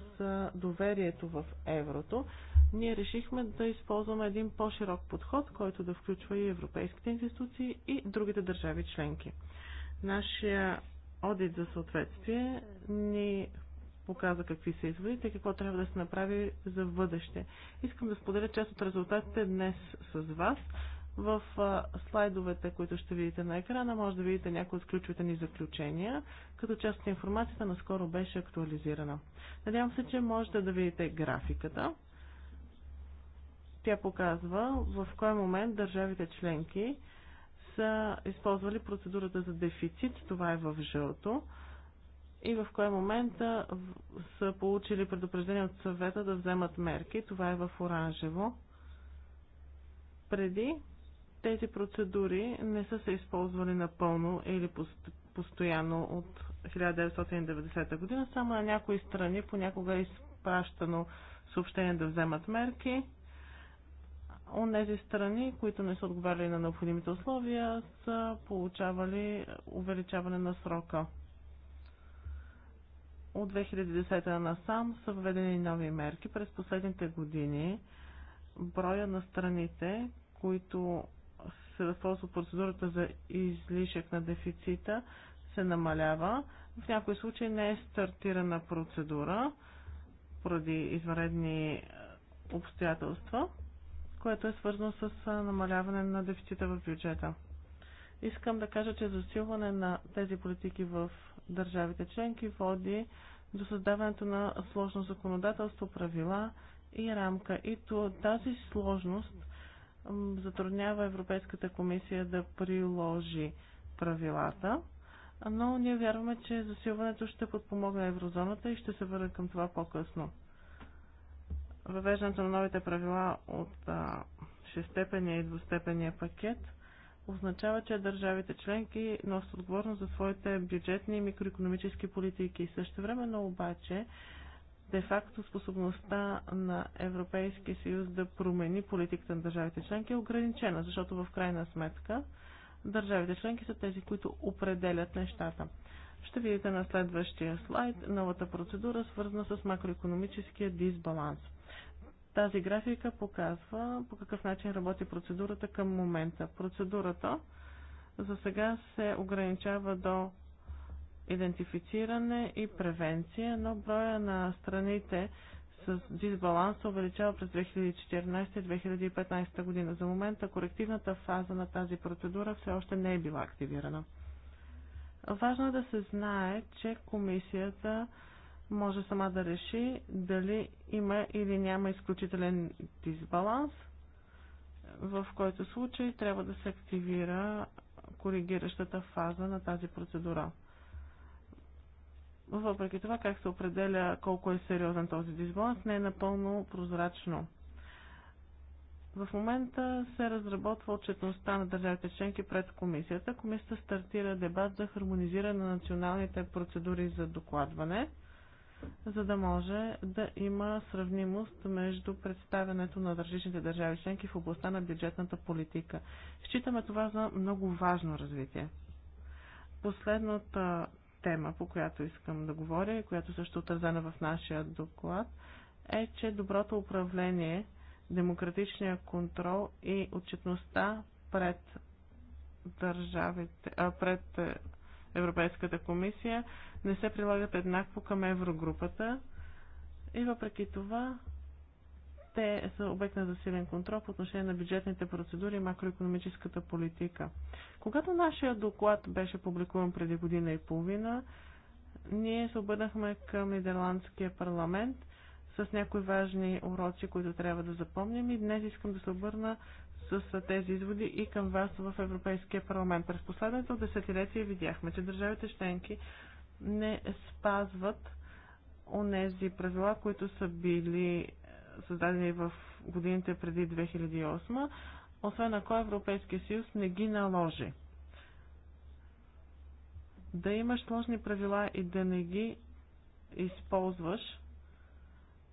доверието в еврото, ние решихме да използваме един по-широк подход, който да включва и европейските институции и другите държави членки. Нашия одит за съответствие ни показа какви са изводите и какво трябва да се направи за бъдеще. Искам да споделя част от резултатите днес с вас. В слайдовете, които ще видите на екрана, може да видите някои от ключовите ни заключения, като част от информацията наскоро беше актуализирана. Надявам се, че можете да видите графиката. Тя показва в кой момент държавите членки са използвали процедурата за дефицит, това е в жълто, и в кой момент са получили предупреждение от съвета да вземат мерки, това е в оранжево преди тези процедури не са се използвали напълно или постоянно от 1990 година. Само на някои страни понякога е изпращано съобщение да вземат мерки. От тези страни, които не са отговаряли на необходимите условия, са получавали увеличаване на срока. От 2010 насам са введени нови мерки. През последните години броя на страните, които се възползва процедурата за излишък на дефицита, се намалява. В някои случаи не е стартирана процедура поради извънредни е, обстоятелства, което е свързано с е, намаляване на дефицита в бюджета. Искам да кажа, че засилване на тези политики в държавите членки води до създаването на сложно законодателство, правила и рамка. И тази сложност затруднява Европейската комисия да приложи правилата, но ние вярваме, че засилването ще подпомогне еврозоната и ще се върне към това по-късно. Въвеждането на новите правила от а, 6-степения и двустепения пакет означава, че държавите членки носят отговорност за своите бюджетни и микроекономически политики. Също времено обаче де-факто способността на Европейския съюз да промени политиката на държавите членки е ограничена, защото в крайна сметка държавите членки са тези, които определят нещата. Ще видите на следващия слайд новата процедура, свързана с макроекономическия дисбаланс. Тази графика показва по какъв начин работи процедурата към момента. Процедурата за сега се ограничава до идентифициране и превенция, но броя на страните с дисбаланс се увеличава през 2014-2015 година. За момента корективната фаза на тази процедура все още не е била активирана. Важно е да се знае, че комисията може сама да реши дали има или няма изключителен дисбаланс, в който случай трябва да се активира коригиращата фаза на тази процедура. Въпреки това, как се определя колко е сериозен този дисбаланс, не е напълно прозрачно. В момента се разработва отчетността на държавите членки пред комисията. Комисията стартира дебат за хармонизиране на националните процедури за докладване, за да може да има сравнимост между представянето на различните държави членки в областта на бюджетната политика. Считаме това за много важно развитие. Последната тема, по която искам да говоря и която също е отразена в нашия доклад, е, че доброто управление, демократичния контрол и отчетността пред държавите, а, пред е, Европейската комисия не се прилагат еднакво към еврогрупата и въпреки това те са обект на засилен контрол по отношение на бюджетните процедури и макроекономическата политика. Когато нашия доклад беше публикуван преди година и половина, ние се обърнахме към Нидерландския парламент с някои важни уроци, които трябва да запомним и днес искам да се обърна с тези изводи и към вас в Европейския парламент. През последното десетилетие видяхме, че държавите членки не спазват онези правила, които са били създадени в годините преди 2008, освен ако Европейския съюз не ги наложи. Да имаш сложни правила и да не ги използваш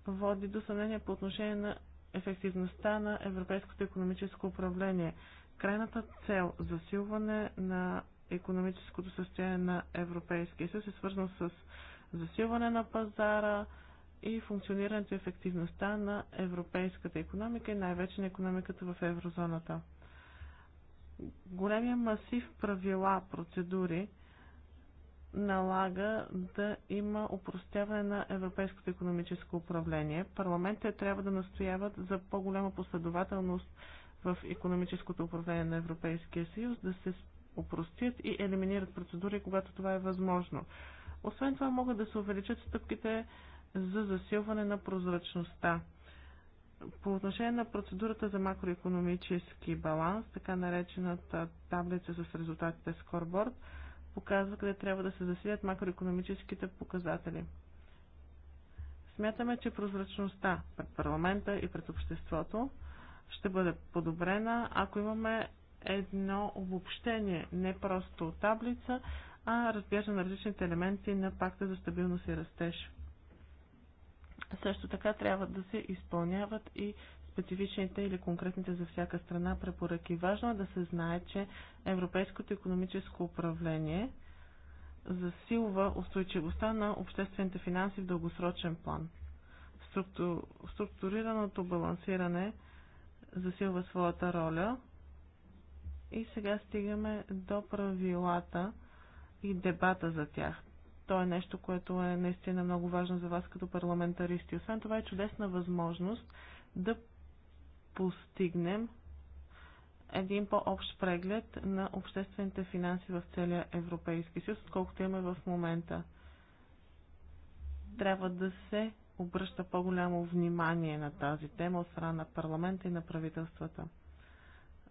води до съмнение по отношение на ефективността на европейското економическо управление. Крайната цел – засилване на економическото състояние на Европейския съюз е свързано с засилване на пазара, и функционирането и ефективността на европейската економика и най-вече на економиката в еврозоната. Големия масив правила, процедури налага да има упростяване на европейското економическо управление. Парламентите трябва да настояват за по-голяма последователност в економическото управление на Европейския съюз, да се упростят и елиминират процедури, когато това е възможно. Освен това могат да се увеличат стъпките за засилване на прозрачността. По отношение на процедурата за макроекономически баланс, така наречената таблица с резултатите Scoreboard, показва къде трябва да се засилят макроекономическите показатели. Смятаме, че прозрачността пред парламента и пред обществото ще бъде подобрена, ако имаме едно обобщение, не просто таблица, а разглежда на различните елементи на пакта за стабилност и растеж. Също така трябва да се изпълняват и специфичните или конкретните за всяка страна препоръки. Важно е да се знае, че Европейското економическо управление засилва устойчивостта на обществените финанси в дългосрочен план. Структу... Структурираното балансиране засилва своята роля. И сега стигаме до правилата и дебата за тях. То е нещо, което е наистина много важно за вас като парламентаристи. Освен това е чудесна възможност да постигнем един по-общ преглед на обществените финанси в целия Европейски съюз, отколкото имаме в момента. Трябва да се обръща по-голямо внимание на тази тема от страна на парламента и на правителствата.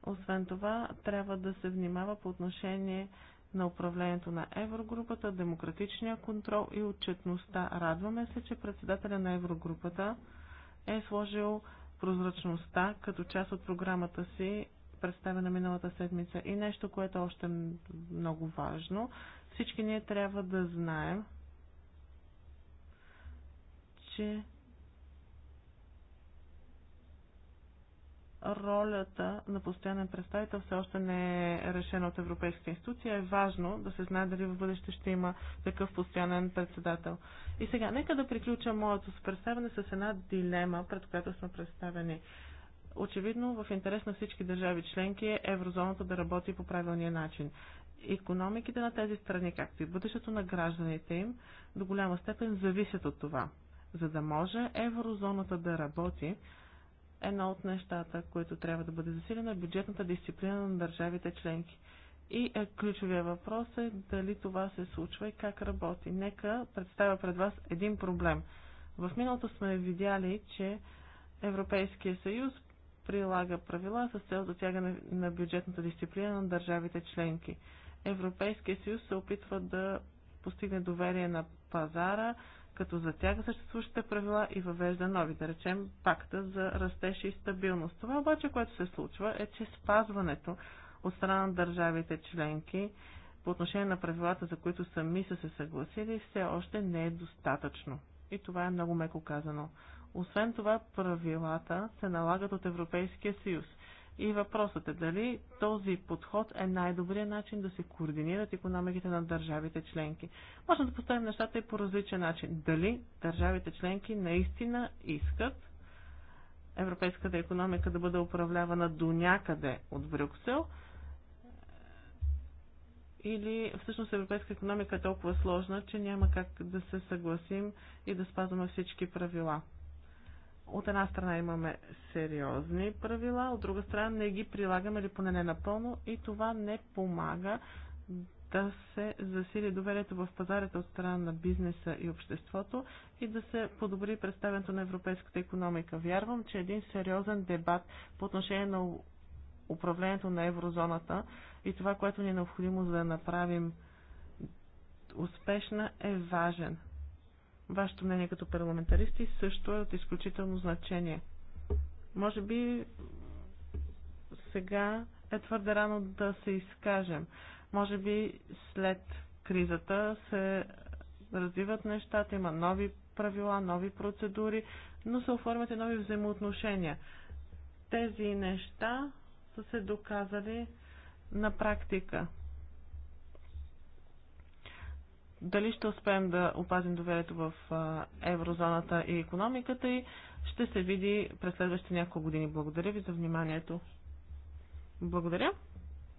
Освен това, трябва да се внимава по отношение на управлението на Еврогрупата, демократичния контрол и отчетността. Радваме се, че председателя на Еврогрупата е сложил прозрачността като част от програмата си, представена миналата седмица. И нещо, което е още е много важно, всички ние трябва да знаем, че ролята на постоянен представител все още не е решена от Европейската институция. Е важно да се знае дали в бъдеще ще има такъв постоянен председател. И сега, нека да приключа моето представяне с една дилема, пред която сме представени. Очевидно, в интерес на всички държави членки е еврозоната да работи по правилния начин. Економиките на тези страни, както и бъдещето на гражданите им, до голяма степен зависят от това. За да може еврозоната да работи, Едно от нещата, което трябва да бъде засилено е бюджетната дисциплина на държавите членки. И е, ключовия въпрос е дали това се случва и как работи. Нека представя пред вас един проблем. В миналото сме видяли, че Европейския съюз прилага правила с цел затягане на бюджетната дисциплина на държавите членки. Европейския съюз се опитва да постигне доверие на пазара, като затяга съществуващите правила и въвежда нови, да речем пакта за растеж и стабилност. Това обаче, което се случва, е, че спазването от страна на държавите членки по отношение на правилата, за които сами са се съгласили, все още не е достатъчно. И това е много меко казано. Освен това, правилата се налагат от Европейския съюз и въпросът е дали този подход е най-добрият начин да се координират економиките на държавите членки. Можем да поставим нещата и по различен начин. Дали държавите членки наистина искат европейската економика да бъде управлявана до някъде от Брюксел, или всъщност европейска економика е толкова сложна, че няма как да се съгласим и да спазваме всички правила. От една страна имаме сериозни правила, от друга страна не ги прилагаме или поне не напълно и това не помага да се засили доверието в пазарите от страна на бизнеса и обществото и да се подобри представянето на европейската економика. Вярвам, че един сериозен дебат по отношение на управлението на еврозоната и това, което ни е необходимо за да направим успешна, е важен. Вашето мнение като парламентаристи също е от изключително значение. Може би сега е твърде рано да се изкажем. Може би след кризата се развиват нещата, има нови правила, нови процедури, но се оформят и нови взаимоотношения. Тези неща са се доказали на практика дали ще успеем да опазим доверието в еврозоната и економиката и ще се види през следващите няколко години. Благодаря ви за вниманието. Благодаря,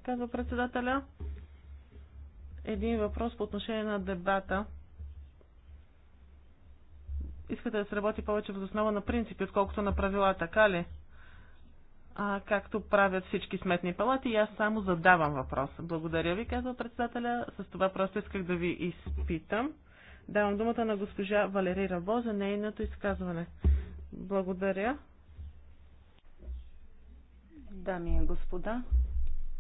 казва председателя. Един въпрос по отношение на дебата. Искате да се работи повече в основа на принципи, отколкото на правила, така ли? а, както правят всички сметни палати и аз само задавам въпроса. Благодаря ви, казва председателя. С това просто исках да ви изпитам. Давам думата на госпожа Валери Рабо за нейното изказване. Благодаря. Дами и господа,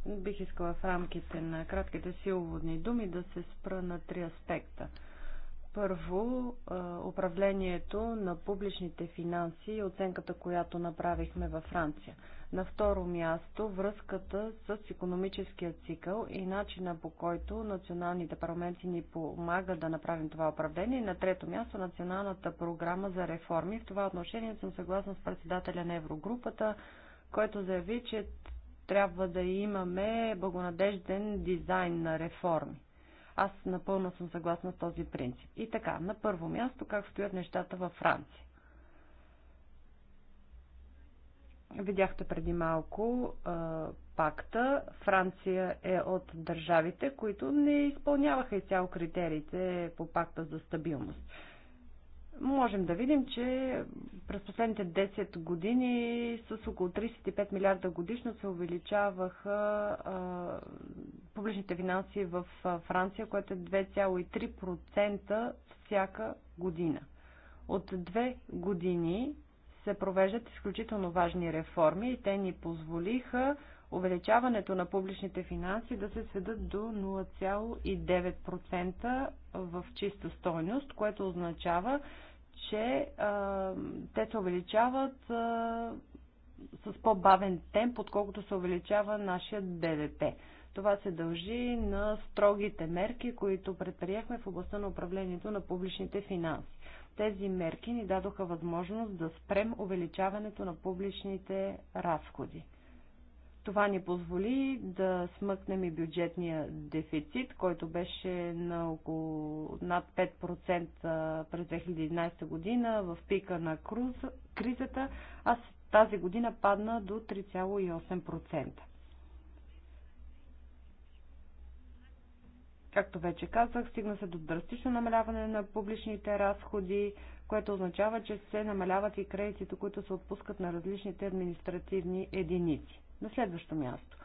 бих искала в рамките на кратките си уводни думи да се спра на три аспекта. Първо, управлението на публичните финанси и оценката, която направихме във Франция – на второ място връзката с економическия цикъл и начина по който националните парламенти ни помагат да направим това управление. на трето място националната програма за реформи. В това отношение съм съгласна с председателя на Еврогрупата, който заяви, че трябва да имаме благонадежден дизайн на реформи. Аз напълно съм съгласна с този принцип. И така, на първо място как стоят нещата във Франция. Видяхте преди малко а, пакта. Франция е от държавите, които не изпълняваха изцяло критериите по пакта за стабилност. Можем да видим, че през последните 10 години с около 35 милиарда годишно се увеличаваха а, публичните финанси в Франция, което е 2,3% всяка година. От две години се провеждат изключително важни реформи и те ни позволиха увеличаването на публичните финанси да се сведат до 0,9% в чиста стойност, което означава, че а, те се увеличават а, с по-бавен темп, отколкото се увеличава нашия ДВП. Това се дължи на строгите мерки, които предприехме в областта на управлението на публичните финанси. Тези мерки ни дадоха възможност да спрем увеличаването на публичните разходи. Това ни позволи да смъкнем и бюджетния дефицит, който беше на около над 5% през 2011 година в пика на круз, кризата, а тази година падна до 3,8%. Както вече казах, стигна се до драстично намаляване на публичните разходи, което означава, че се намаляват и кредитите, които се отпускат на различните административни единици. На следващо място.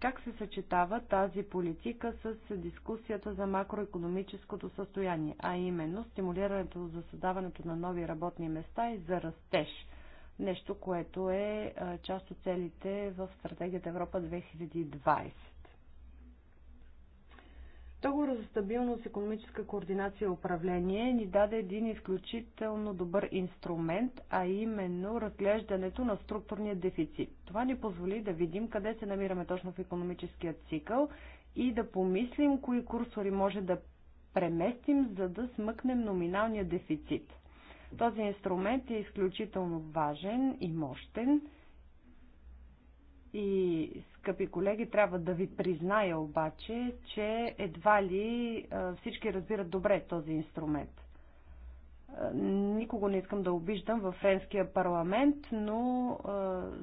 Как се съчетава тази политика с дискусията за макроекономическото състояние, а именно стимулирането за създаването на нови работни места и за растеж? Нещо, което е част от целите в стратегията Европа 2020. Договор за стабилност, економическа координация и управление ни даде един изключително добър инструмент, а именно разглеждането на структурния дефицит. Това ни позволи да видим къде се намираме точно в економическия цикъл и да помислим кои курсори може да преместим, за да смъкнем номиналния дефицит. Този инструмент е изключително важен и мощен – и, скъпи колеги, трябва да ви призная обаче, че едва ли всички разбират добре този инструмент. Никого не искам да обиждам във френския парламент, но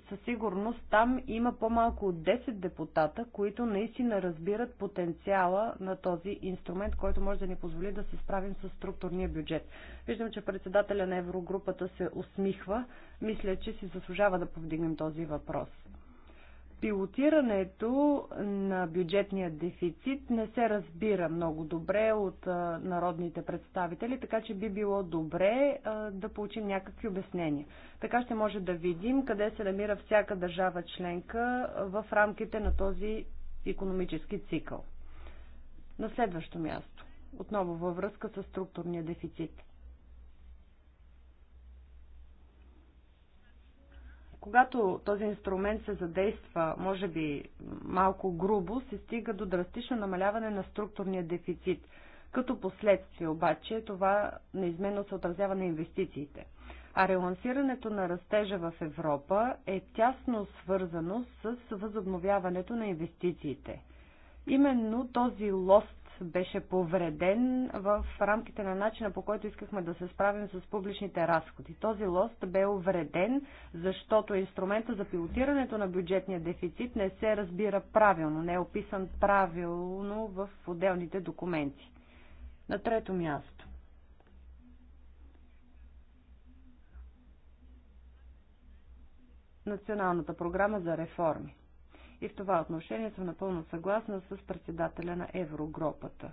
със сигурност там има по-малко от 10 депутата, които наистина разбират потенциала на този инструмент, който може да ни позволи да се справим с структурния бюджет. Виждам, че председателя на Еврогрупата се усмихва. Мисля, че си заслужава да повдигнем този въпрос. Пилотирането на бюджетния дефицит не се разбира много добре от народните представители, така че би било добре да получим някакви обяснения. Така ще може да видим къде се намира всяка държава членка в рамките на този економически цикъл. На следващо място, отново във връзка с структурния дефицит – Когато този инструмент се задейства, може би малко грубо, се стига до драстично намаляване на структурния дефицит. Като последствие обаче това неизменно се отразява на инвестициите. А релансирането на растежа в Европа е тясно свързано с възобновяването на инвестициите. Именно този лост беше повреден в рамките на начина по който искахме да се справим с публичните разходи. Този лост бе увреден, защото инструмента за пилотирането на бюджетния дефицит не се разбира правилно, не е описан правилно в отделните документи. На трето място. Националната програма за реформи. И в това отношение съм напълно съгласна с председателя на Еврогропата.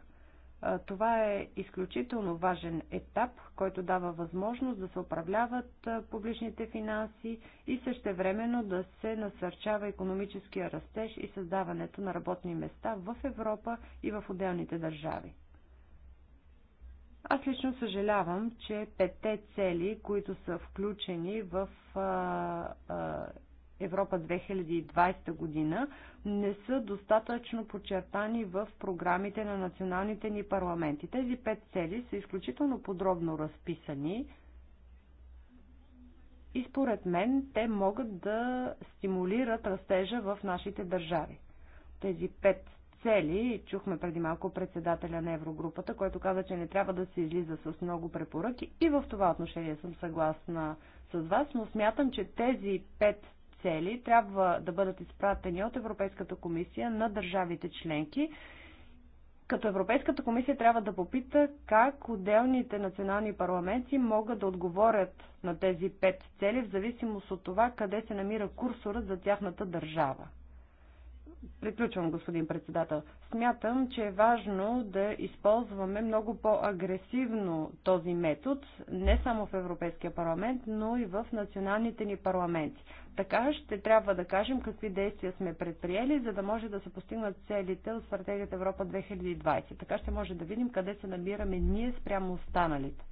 Това е изключително важен етап, който дава възможност да се управляват публичните финанси и същевременно да се насърчава економическия растеж и създаването на работни места в Европа и в отделните държави. Аз лично съжалявам, че петте цели, които са включени в Европа 2020 година не са достатъчно подчертани в програмите на националните ни парламенти. Тези пет цели са изключително подробно разписани и според мен те могат да стимулират растежа в нашите държави. Тези пет цели, чухме преди малко председателя на Еврогрупата, който каза, че не трябва да се излиза с много препоръки и в това отношение съм съгласна с вас, но смятам, че тези пет цели трябва да бъдат изпратени от Европейската комисия на държавите членки, като Европейската комисия трябва да попита как отделните национални парламенти могат да отговорят на тези пет цели в зависимост от това къде се намира курсора за тяхната държава. Приключвам, господин председател. Смятам, че е важно да използваме много по-агресивно този метод, не само в Европейския парламент, но и в националните ни парламенти. Така ще трябва да кажем какви действия сме предприели, за да може да се постигнат целите от стратегията Европа 2020. Така ще може да видим къде се намираме ние спрямо останалите.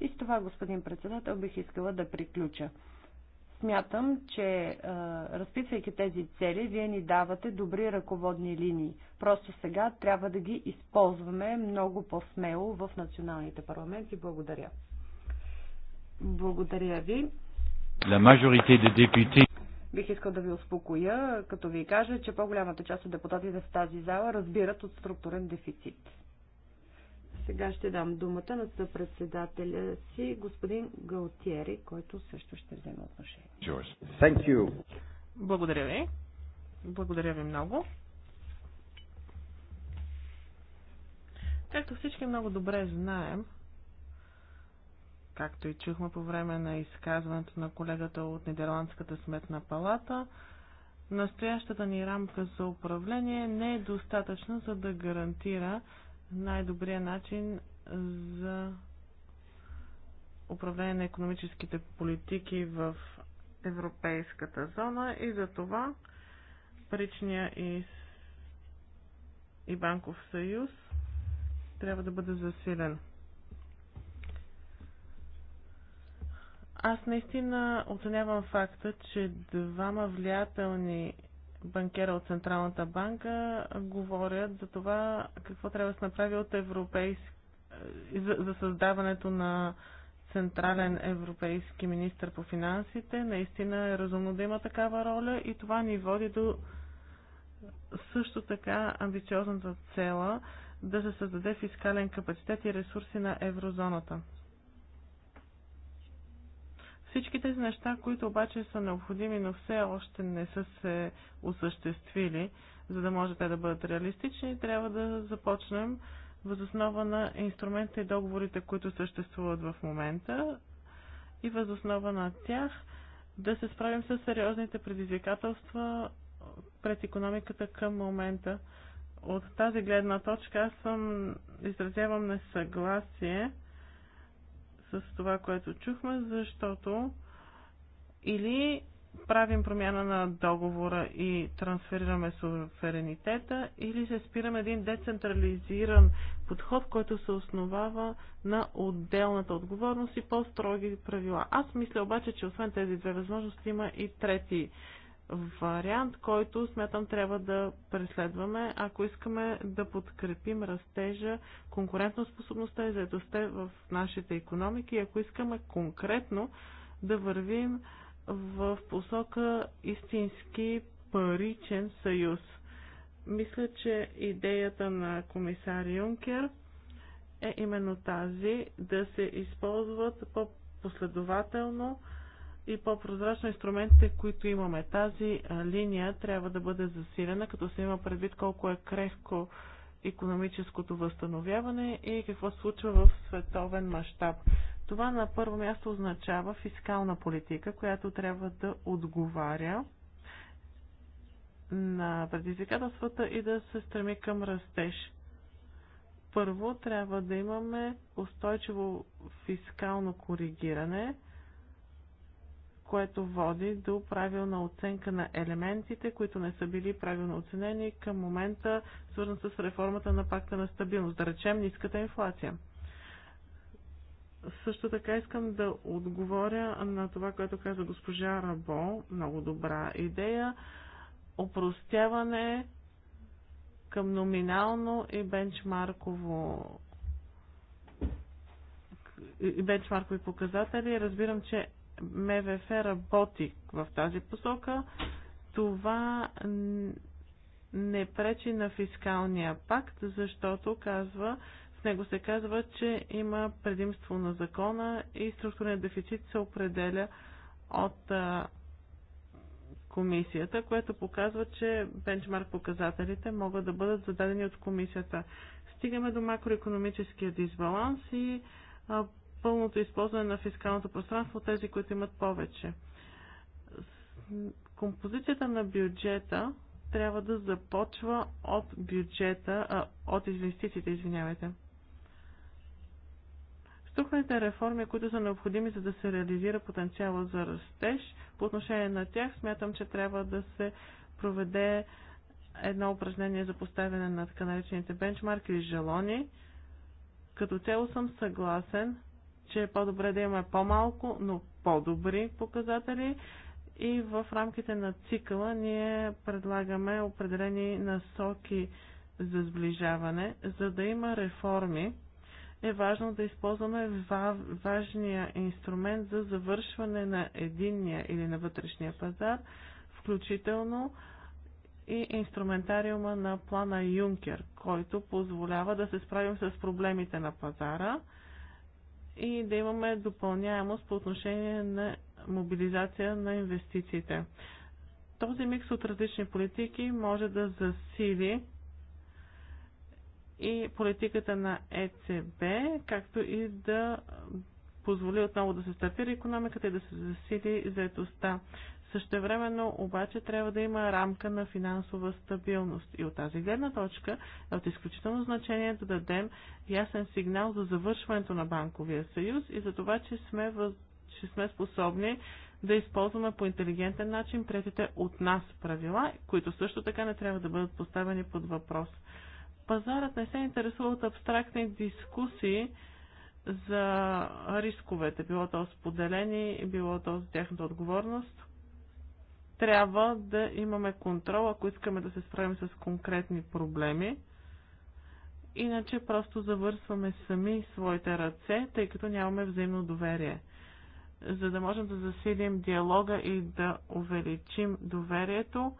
И с това, господин председател, бих искала да приключа. Смятам, че разписвайки тези цели, вие ни давате добри ръководни линии. Просто сега трябва да ги използваме много по-смело в националните парламенти. Благодаря. Благодаря ви. La majorité de députés Бих искал да ви успокоя, като ви кажа, че по-голямата част от депутатите в тази зала разбират от структурен дефицит. Сега ще дам думата на съпредседателя си, господин Галтиери, който също ще вземе отношение. Thank you. Благодаря ви. Благодаря ви много. Както всички много добре знаем, както и чухме по време на изказването на колегата от Нидерландската сметна палата, настоящата ни рамка за управление не е достатъчна, за да гарантира най-добрия начин за управление на економическите политики в европейската зона и за това паричния и, и банков съюз трябва да бъде засилен. Аз наистина оценявам факта, че двама влиятелни банкера от Централната банка говорят за това какво трябва да се направи от европейски е, за, за създаването на централен европейски министр по финансите. Наистина е разумно да има такава роля и това ни води до също така амбициозната цела да се създаде фискален капацитет и ресурси на еврозоната. Всички тези неща, които обаче са необходими, но все още не са се осъществили, за да може те да бъдат реалистични, трябва да започнем възоснова на инструмента и договорите, които съществуват в момента и възоснова на тях да се справим с сериозните предизвикателства пред економиката към момента. От тази гледна точка аз съм, изразявам несъгласие с това, което чухме, защото или правим промяна на договора и трансферираме суверенитета, или се спираме един децентрализиран подход, който се основава на отделната отговорност и по-строги правила. Аз мисля обаче, че освен тези две възможности има и трети вариант, който смятам трябва да преследваме, ако искаме да подкрепим растежа, конкурентоспособността и заедостта в нашите економики, ако искаме конкретно да вървим в посока истински паричен съюз. Мисля, че идеята на комисар Юнкер е именно тази да се използват по-последователно и по-прозрачно инструментите, които имаме. Тази линия трябва да бъде засилена, като се има предвид колко е крехко економическото възстановяване и какво се случва в световен мащаб. Това на първо място означава фискална политика, която трябва да отговаря на предизвикателствата и да се стреми към растеж. Първо трябва да имаме устойчиво фискално коригиране – което води до правилна оценка на елементите, които не са били правилно оценени към момента, свързан с реформата на пакта на стабилност, да речем ниската инфлация. Също така искам да отговоря на това, което каза госпожа Рабо, много добра идея, опростяване към номинално и бенчмарково и бенчмаркови показатели. Разбирам, че МВФ работи в тази посока. Това не пречи на фискалния пакт, защото казва, в него се казва, че има предимство на закона и структурният дефицит се определя от комисията, което показва, че бенчмарк показателите могат да бъдат зададени от комисията. Стигаме до макроекономическия дисбаланс и пълното използване на фискалното пространство от тези, които имат повече. Композицията на бюджета трябва да започва от бюджета, а, от инвестициите, извинявайте. Структурните реформи, които са необходими за да се реализира потенциала за растеж, по отношение на тях смятам, че трябва да се проведе едно упражнение за поставяне на така наречените бенчмарки или жалони. Като цяло съм съгласен че е по-добре да имаме по-малко, но по-добри показатели. И в рамките на цикъла ние предлагаме определени насоки за сближаване, за да има реформи, е важно да използваме важния инструмент за завършване на единния или на вътрешния пазар, включително и инструментариума на плана Юнкер, който позволява да се справим с проблемите на пазара – и да имаме допълняемост по отношение на мобилизация на инвестициите. Този микс от различни политики може да засили и политиката на ЕЦБ, както и да позволи отново да се стартира економиката и да се засили заетостта. Същевременно обаче трябва да има рамка на финансова стабилност. И от тази гледна точка е от изключително значение да дадем ясен сигнал за завършването на банковия съюз и за това, че сме, въз... че сме способни да използваме по интелигентен начин претите от нас правила, които също така не трябва да бъдат поставени под въпрос. Пазарът не се интересува от абстрактни дискусии, за рисковете, било то споделени, било то за тяхната отговорност трябва да имаме контрол, ако искаме да се справим с конкретни проблеми. Иначе просто завършваме сами своите ръце, тъй като нямаме взаимно доверие. За да можем да засилим диалога и да увеличим доверието,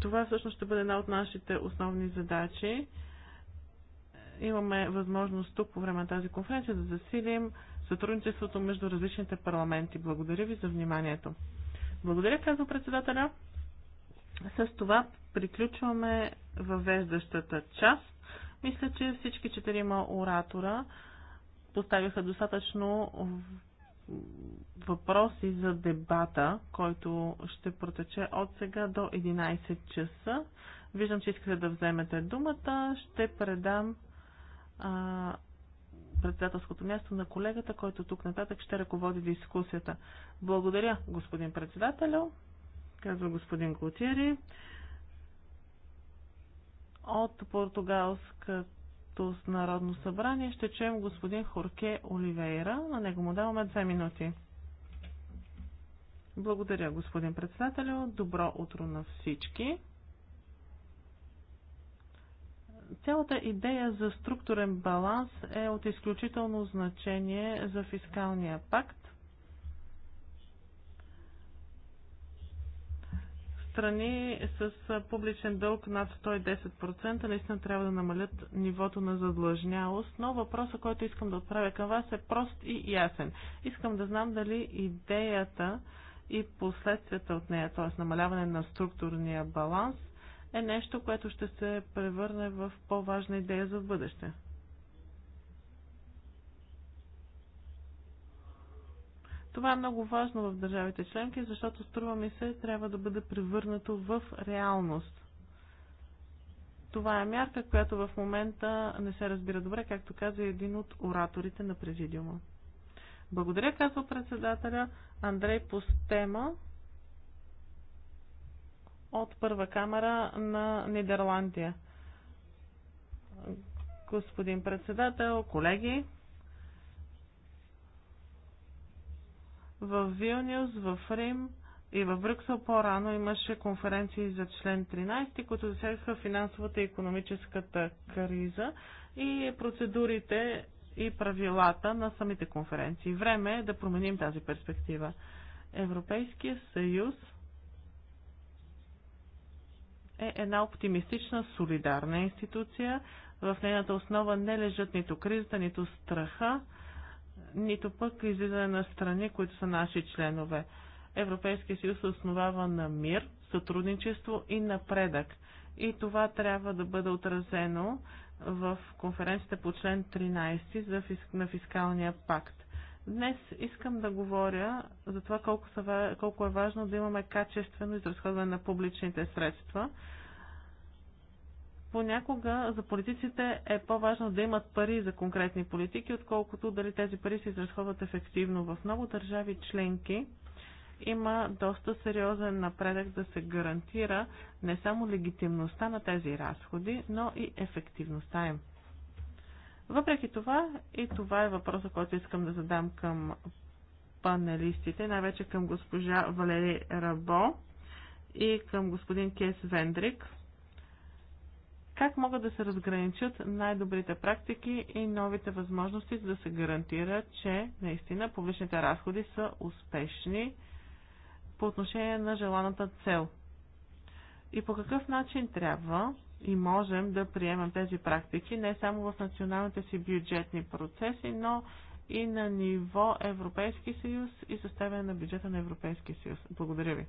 това всъщност ще бъде една от нашите основни задачи. Имаме възможност тук по време на тази конференция да засилим сътрудничеството между различните парламенти. Благодаря ви за вниманието. Благодаря, казва председателя. С това приключваме въвеждащата част. Мисля, че всички четирима оратора поставиха достатъчно въпроси за дебата, който ще протече от сега до 11 часа. Виждам, че искате да вземете думата. Ще предам а, председателското място на колегата, който тук нататък ще ръководи дискусията. Благодаря, господин председателю, казва господин Клотири. От Португалското народно събрание ще чуем господин Хорке Оливейра. На него му даваме две минути. Благодаря, господин председателю. Добро утро на всички. Цялата идея за структурен баланс е от изключително значение за фискалния пакт. Страни с публичен дълг над 110% наистина трябва да намалят нивото на задлъжнялост, но въпроса, който искам да отправя към вас е прост и ясен. Искам да знам дали идеята и последствията от нея, т.е. намаляване на структурния баланс, е нещо, което ще се превърне в по-важна идея за бъдеще. Това е много важно в държавите членки, защото струва ми се трябва да бъде превърнато в реалност. Това е мярка, която в момента не се разбира добре, както каза един от ораторите на президиума. Благодаря, казва председателя Андрей Постема от първа камера на Нидерландия. Господин председател, колеги, в Вилнюс, в Рим и в Брюксел по-рано имаше конференции за член 13, които засягаха финансовата и економическата криза и процедурите и правилата на самите конференции. Време е да променим тази перспектива. Европейския съюз е една оптимистична, солидарна институция. В нейната основа не лежат нито кризата, нито страха, нито пък излизане на страни, които са наши членове. Европейския съюз се основава на мир, сътрудничество и напредък. И това трябва да бъде отразено в конференцията по член 13 на фискалния пакт. Днес искам да говоря за това колко, са, колко е важно да имаме качествено изразходване на публичните средства. Понякога за политиците е по-важно да имат пари за конкретни политики, отколкото дали тези пари се изразходват ефективно. В много държави членки има доста сериозен напредък да се гарантира не само легитимността на тези разходи, но и ефективността им. Въпреки това, и това е въпроса, който искам да задам към панелистите, най-вече към госпожа Валери Рабо и към господин Кес Вендрик. Как могат да се разграничат най-добрите практики и новите възможности, за да се гарантира, че наистина публичните разходи са успешни по отношение на желаната цел? И по какъв начин трябва и можем да приемем тези практики не само в националните си бюджетни процеси, но и на ниво Европейски съюз и съставяне на бюджета на Европейския съюз. Благодаря ви.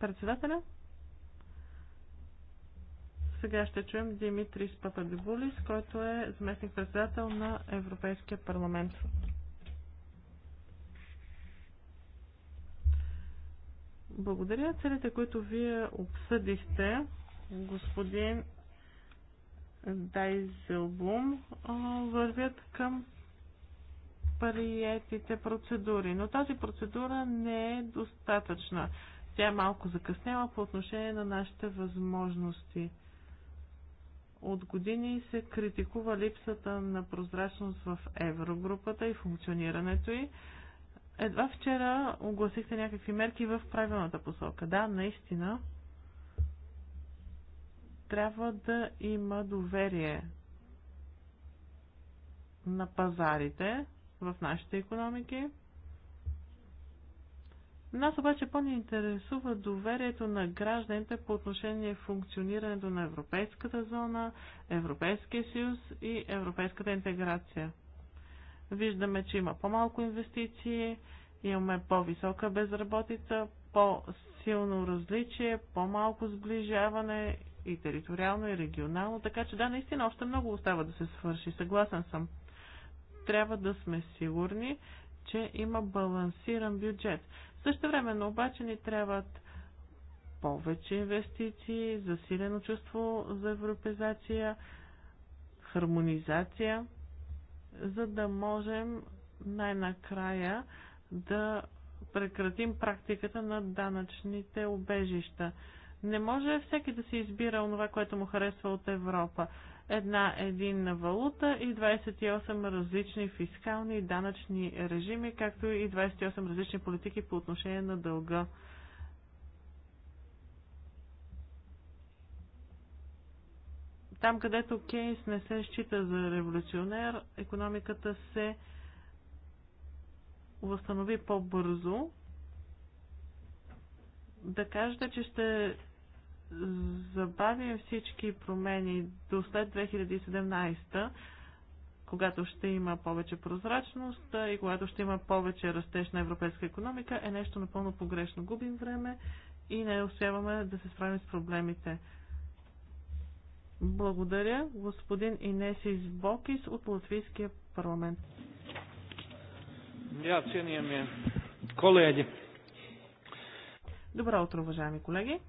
Председателя? Сега ще чуем Димитрис Пападебулис, който е заместник-председател на Европейския парламент. Благодаря. Целите, които вие обсъдихте, господин Дайзелбум, вървят към приятите процедури. Но тази процедура не е достатъчна. Тя е малко закъснява по отношение на нашите възможности. От години се критикува липсата на прозрачност в еврогрупата и функционирането й. Едва вчера огласихте някакви мерки в правилната посока. Да, наистина трябва да има доверие на пазарите в нашите економики. Нас обаче по-ни интересува доверието на гражданите по отношение функционирането на Европейската зона, Европейския съюз и Европейската интеграция. Виждаме, че има по-малко инвестиции, имаме по-висока безработица, по-силно различие, по-малко сближаване и териториално, и регионално. Така че да, наистина още много остава да се свърши. Съгласен съм. Трябва да сме сигурни, че има балансиран бюджет. Също времено обаче ни трябват повече инвестиции, засилено чувство за европезация, хармонизация за да можем най-накрая да прекратим практиката на данъчните обежища. Не може всеки да си избира онова, което му харесва от Европа. Една единна валута и 28 различни фискални и данъчни режими, както и 28 различни политики по отношение на дълга. Там, където Кейнс не се счита за революционер, економиката се възстанови по-бързо. Да кажете, че ще забавим всички промени до след 2017, когато ще има повече прозрачност и когато ще има повече растеж на европейска економика, е нещо напълно погрешно. Губим време и не успяваме да се справим с проблемите. Благодаря, господин Инесис Бокис от Латвийския парламент. Я ценим е колеги. Добро утро, уважаеми колеги.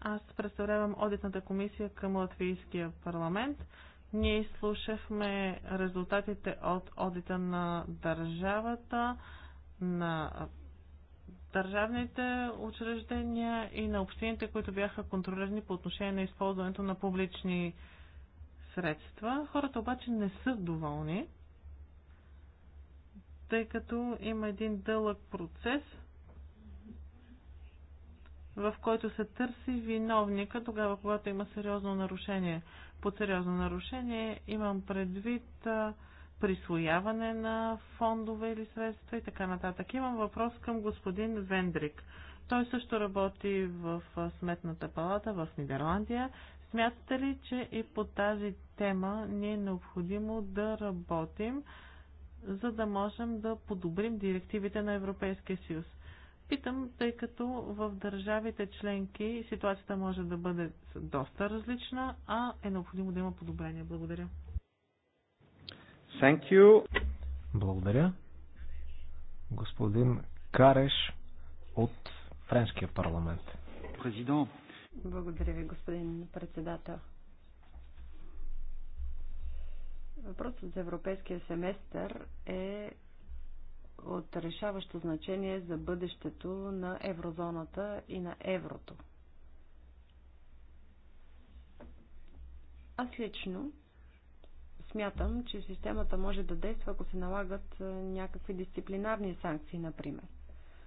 Аз представлявам Одитната комисия към Латвийския парламент. Ние изслушахме резултатите от одита на държавата, на държавните учреждения и на общините, които бяха контролирани по отношение на използването на публични средства. Хората обаче не са доволни, тъй като има един дълъг процес, в който се търси виновника тогава, когато има сериозно нарушение. Под сериозно нарушение имам предвид а, присвояване на фондове или средства и така нататък. Имам въпрос към господин Вендрик. Той също работи в Сметната палата в Нидерландия. Смятате ли, че и по тази тема ни е необходимо да работим, за да можем да подобрим директивите на Европейския съюз? Питам, тъй като в държавите членки ситуацията може да бъде доста различна, а е необходимо да има подобрение. Благодаря. Thank you. Благодаря. Господин Кареш от Френския парламент. Президент. Благодаря ви, господин председател. Въпросът за европейския семестър е от решаващо значение за бъдещето на еврозоната и на еврото. Аз лично смятам, че системата може да действа, ако се налагат някакви дисциплинарни санкции, например.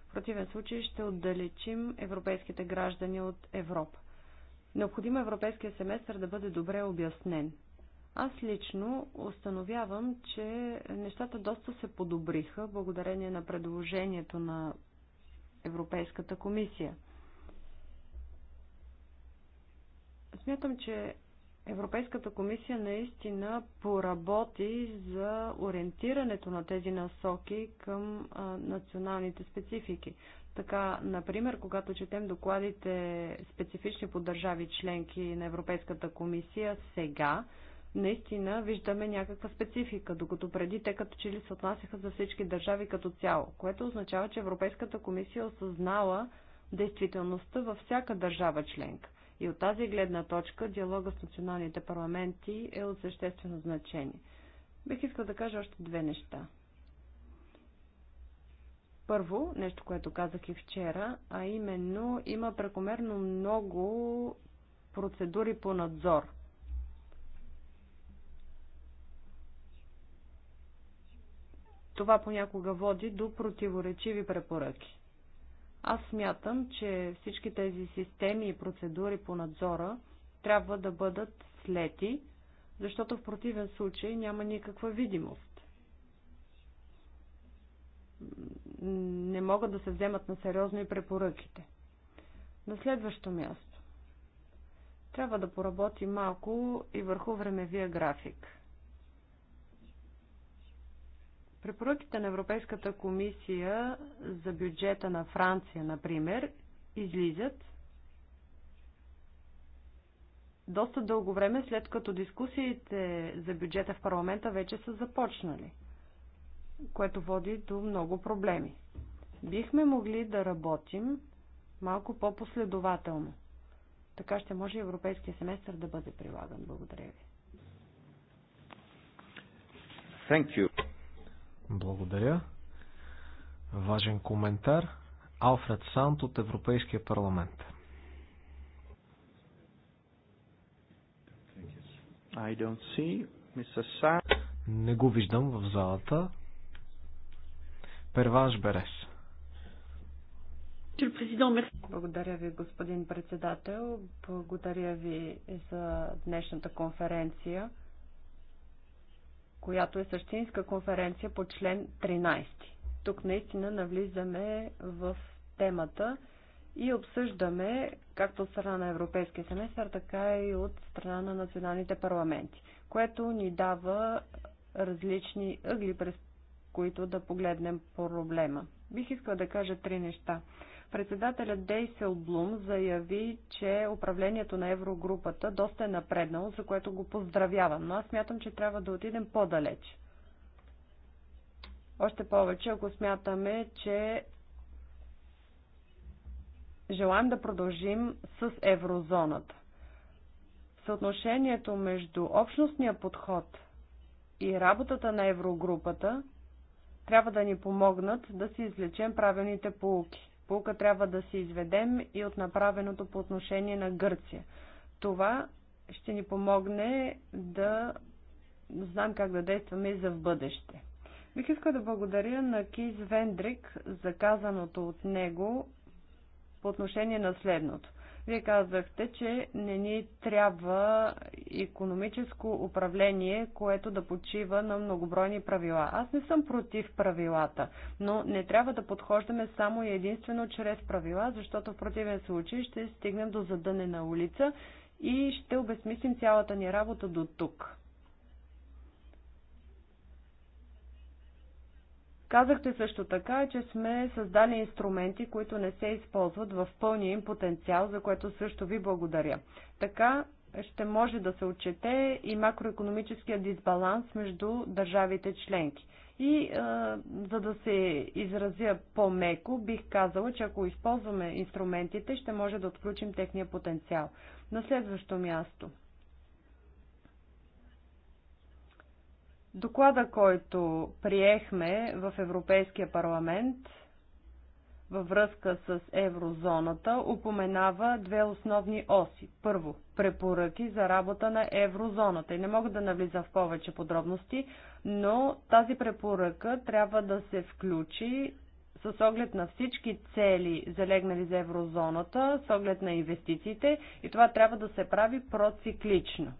В противен случай ще отдалечим европейските граждани от Европа. Необходимо е европейския семестър да бъде добре обяснен. Аз лично установявам, че нещата доста се подобриха благодарение на предложението на Европейската комисия. Смятам, че Европейската комисия наистина поработи за ориентирането на тези насоки към националните специфики. Така, например, когато четем докладите специфични по държави членки на Европейската комисия сега, наистина виждаме някаква специфика, докато преди те като че ли се отнасяха за всички държави като цяло, което означава, че Европейската комисия е осъзнала действителността във всяка държава членка. И от тази гледна точка диалога с националните парламенти е от съществено значение. Бих искал да кажа още две неща. Първо, нещо, което казах и вчера, а именно има прекомерно много процедури по надзор. Това понякога води до противоречиви препоръки. Аз смятам, че всички тези системи и процедури по надзора трябва да бъдат слети, защото в противен случай няма никаква видимост. Не могат да се вземат на сериозно и препоръките. На следващо място. Трябва да поработи малко и върху времевия график. Препоръките на Европейската комисия за бюджета на Франция, например, излизат доста дълго време след като дискусиите за бюджета в парламента вече са започнали, което води до много проблеми. Бихме могли да работим малко по-последователно. Така ще може европейския семестър да бъде прилаган. Благодаря ви. Thank you. Благодаря. Важен коментар. Алфред Санд от Европейския парламент. I don't see Mr. Sand. Не го виждам в залата. Перванш Берес. Благодаря ви, господин председател. Благодаря ви за днешната конференция която е същинска конференция по член 13. Тук наистина навлизаме в темата и обсъждаме както от страна на Европейския семестър, така и от страна на националните парламенти, което ни дава различни ъгли, през които да погледнем проблема. Бих искала да кажа три неща. Председателят Дейсел Блум заяви, че управлението на еврогрупата доста е напреднало, за което го поздравявам, но аз мятам, че трябва да отидем по-далеч. Още повече, ако смятаме, че желаем да продължим с еврозоната. Съотношението между общностния подход и работата на еврогрупата трябва да ни помогнат да си излечем правилните полуки. Полука трябва да се изведем и от направеното по отношение на Гърция. Това ще ни помогне да знам как да действаме и за в бъдеще. Бих искал да благодаря на Кис Вендрик за казаното от него по отношение на следното. Вие казахте, че не ни трябва економическо управление, което да почива на многобройни правила. Аз не съм против правилата, но не трябва да подхождаме само и единствено чрез правила, защото в противен случай ще стигнем до задънена улица и ще обезмислим цялата ни работа до тук. Казахте също така, че сме създали инструменти, които не се използват в пълния им потенциал, за което също ви благодаря. Така ще може да се отчете и макроекономическия дисбаланс между държавите членки. И е, за да се изразя по-меко, бих казала, че ако използваме инструментите, ще може да отключим техния потенциал. На следващо място – Доклада, който приехме в Европейския парламент във връзка с еврозоната, упоменава две основни оси. Първо, препоръки за работа на еврозоната. И не мога да навлиза в повече подробности, но тази препоръка трябва да се включи с оглед на всички цели, залегнали за еврозоната, с оглед на инвестициите и това трябва да се прави проциклично.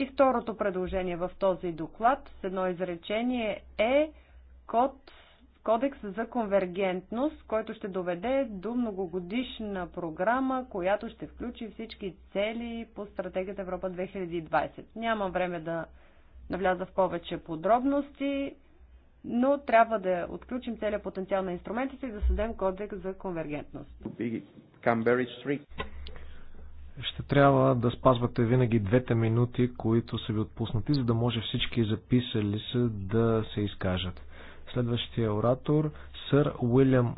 И второто предложение в този доклад с едно изречение е код, кодекс за конвергентност, който ще доведе до многогодишна програма, която ще включи всички цели по стратегията Европа 2020. Няма време да навляза в повече подробности, но трябва да отключим целият потенциал на инструментите и да създадем кодекс за конвергентност ще трябва да спазвате винаги двете минути, които са ви отпуснати, за да може всички записали се да се изкажат. Следващия оратор сър Уилям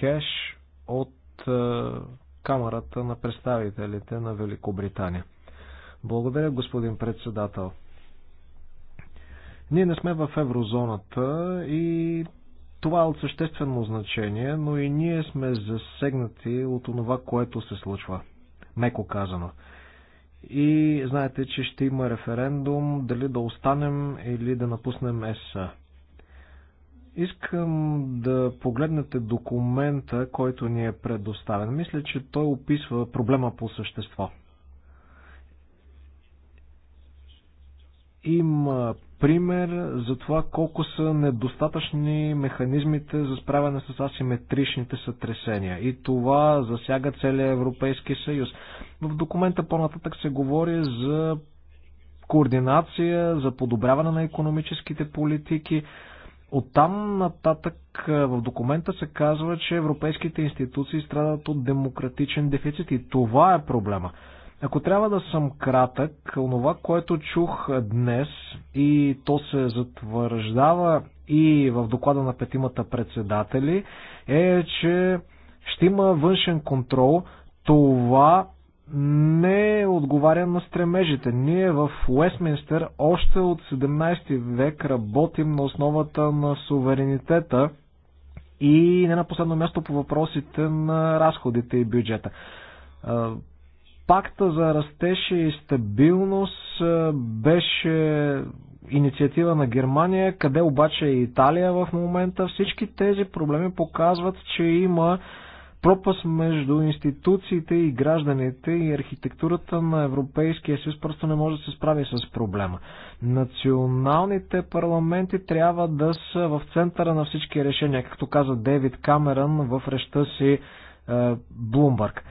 Кеш от е, Камерата на представителите на Великобритания. Благодаря, господин председател. Ние не сме в еврозоната и това е от съществено значение, но и ние сме засегнати от това, което се случва меко казано. И знаете, че ще има референдум дали да останем или да напуснем ЕСА. Искам да погледнете документа, който ни е предоставен. Мисля, че той описва проблема по същество. има пример за това колко са недостатъчни механизмите за справяне с асиметричните сътресения. И това засяга целия Европейски съюз. В документа по-нататък се говори за координация, за подобряване на економическите политики. От там нататък в документа се казва, че европейските институции страдат от демократичен дефицит и това е проблема. Ако трябва да съм кратък, онова, което чух днес и то се затвърждава и в доклада на петимата председатели, е, че ще има външен контрол. Това не отговаря на стремежите. Ние в Уестминстър още от 17 век работим на основата на суверенитета и не на последно място по въпросите на разходите и бюджета. Пакта за растеж и стабилност беше инициатива на Германия, къде обаче е Италия в момента. Всички тези проблеми показват, че има пропаст между институциите и гражданите и архитектурата на Европейския съюз просто не може да се справи с проблема. Националните парламенти трябва да са в центъра на всички решения, както каза Дейвид Камерън в реща си е, Блумбърг,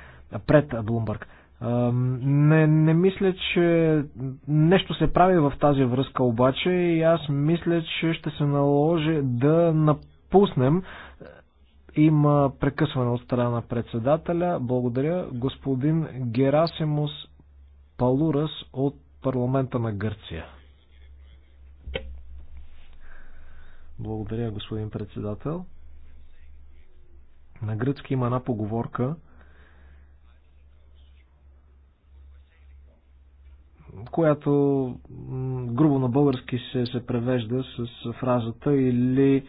пред Блумбърг. Не, не мисля, че нещо се прави в тази връзка обаче и аз мисля, че ще се наложи да напуснем. Има прекъсване от страна на председателя. Благодаря господин Герасимус Палурас от парламента на Гърция. Благодаря господин председател. На гръцки има една поговорка, която грубо на български се, се превежда с фразата или е,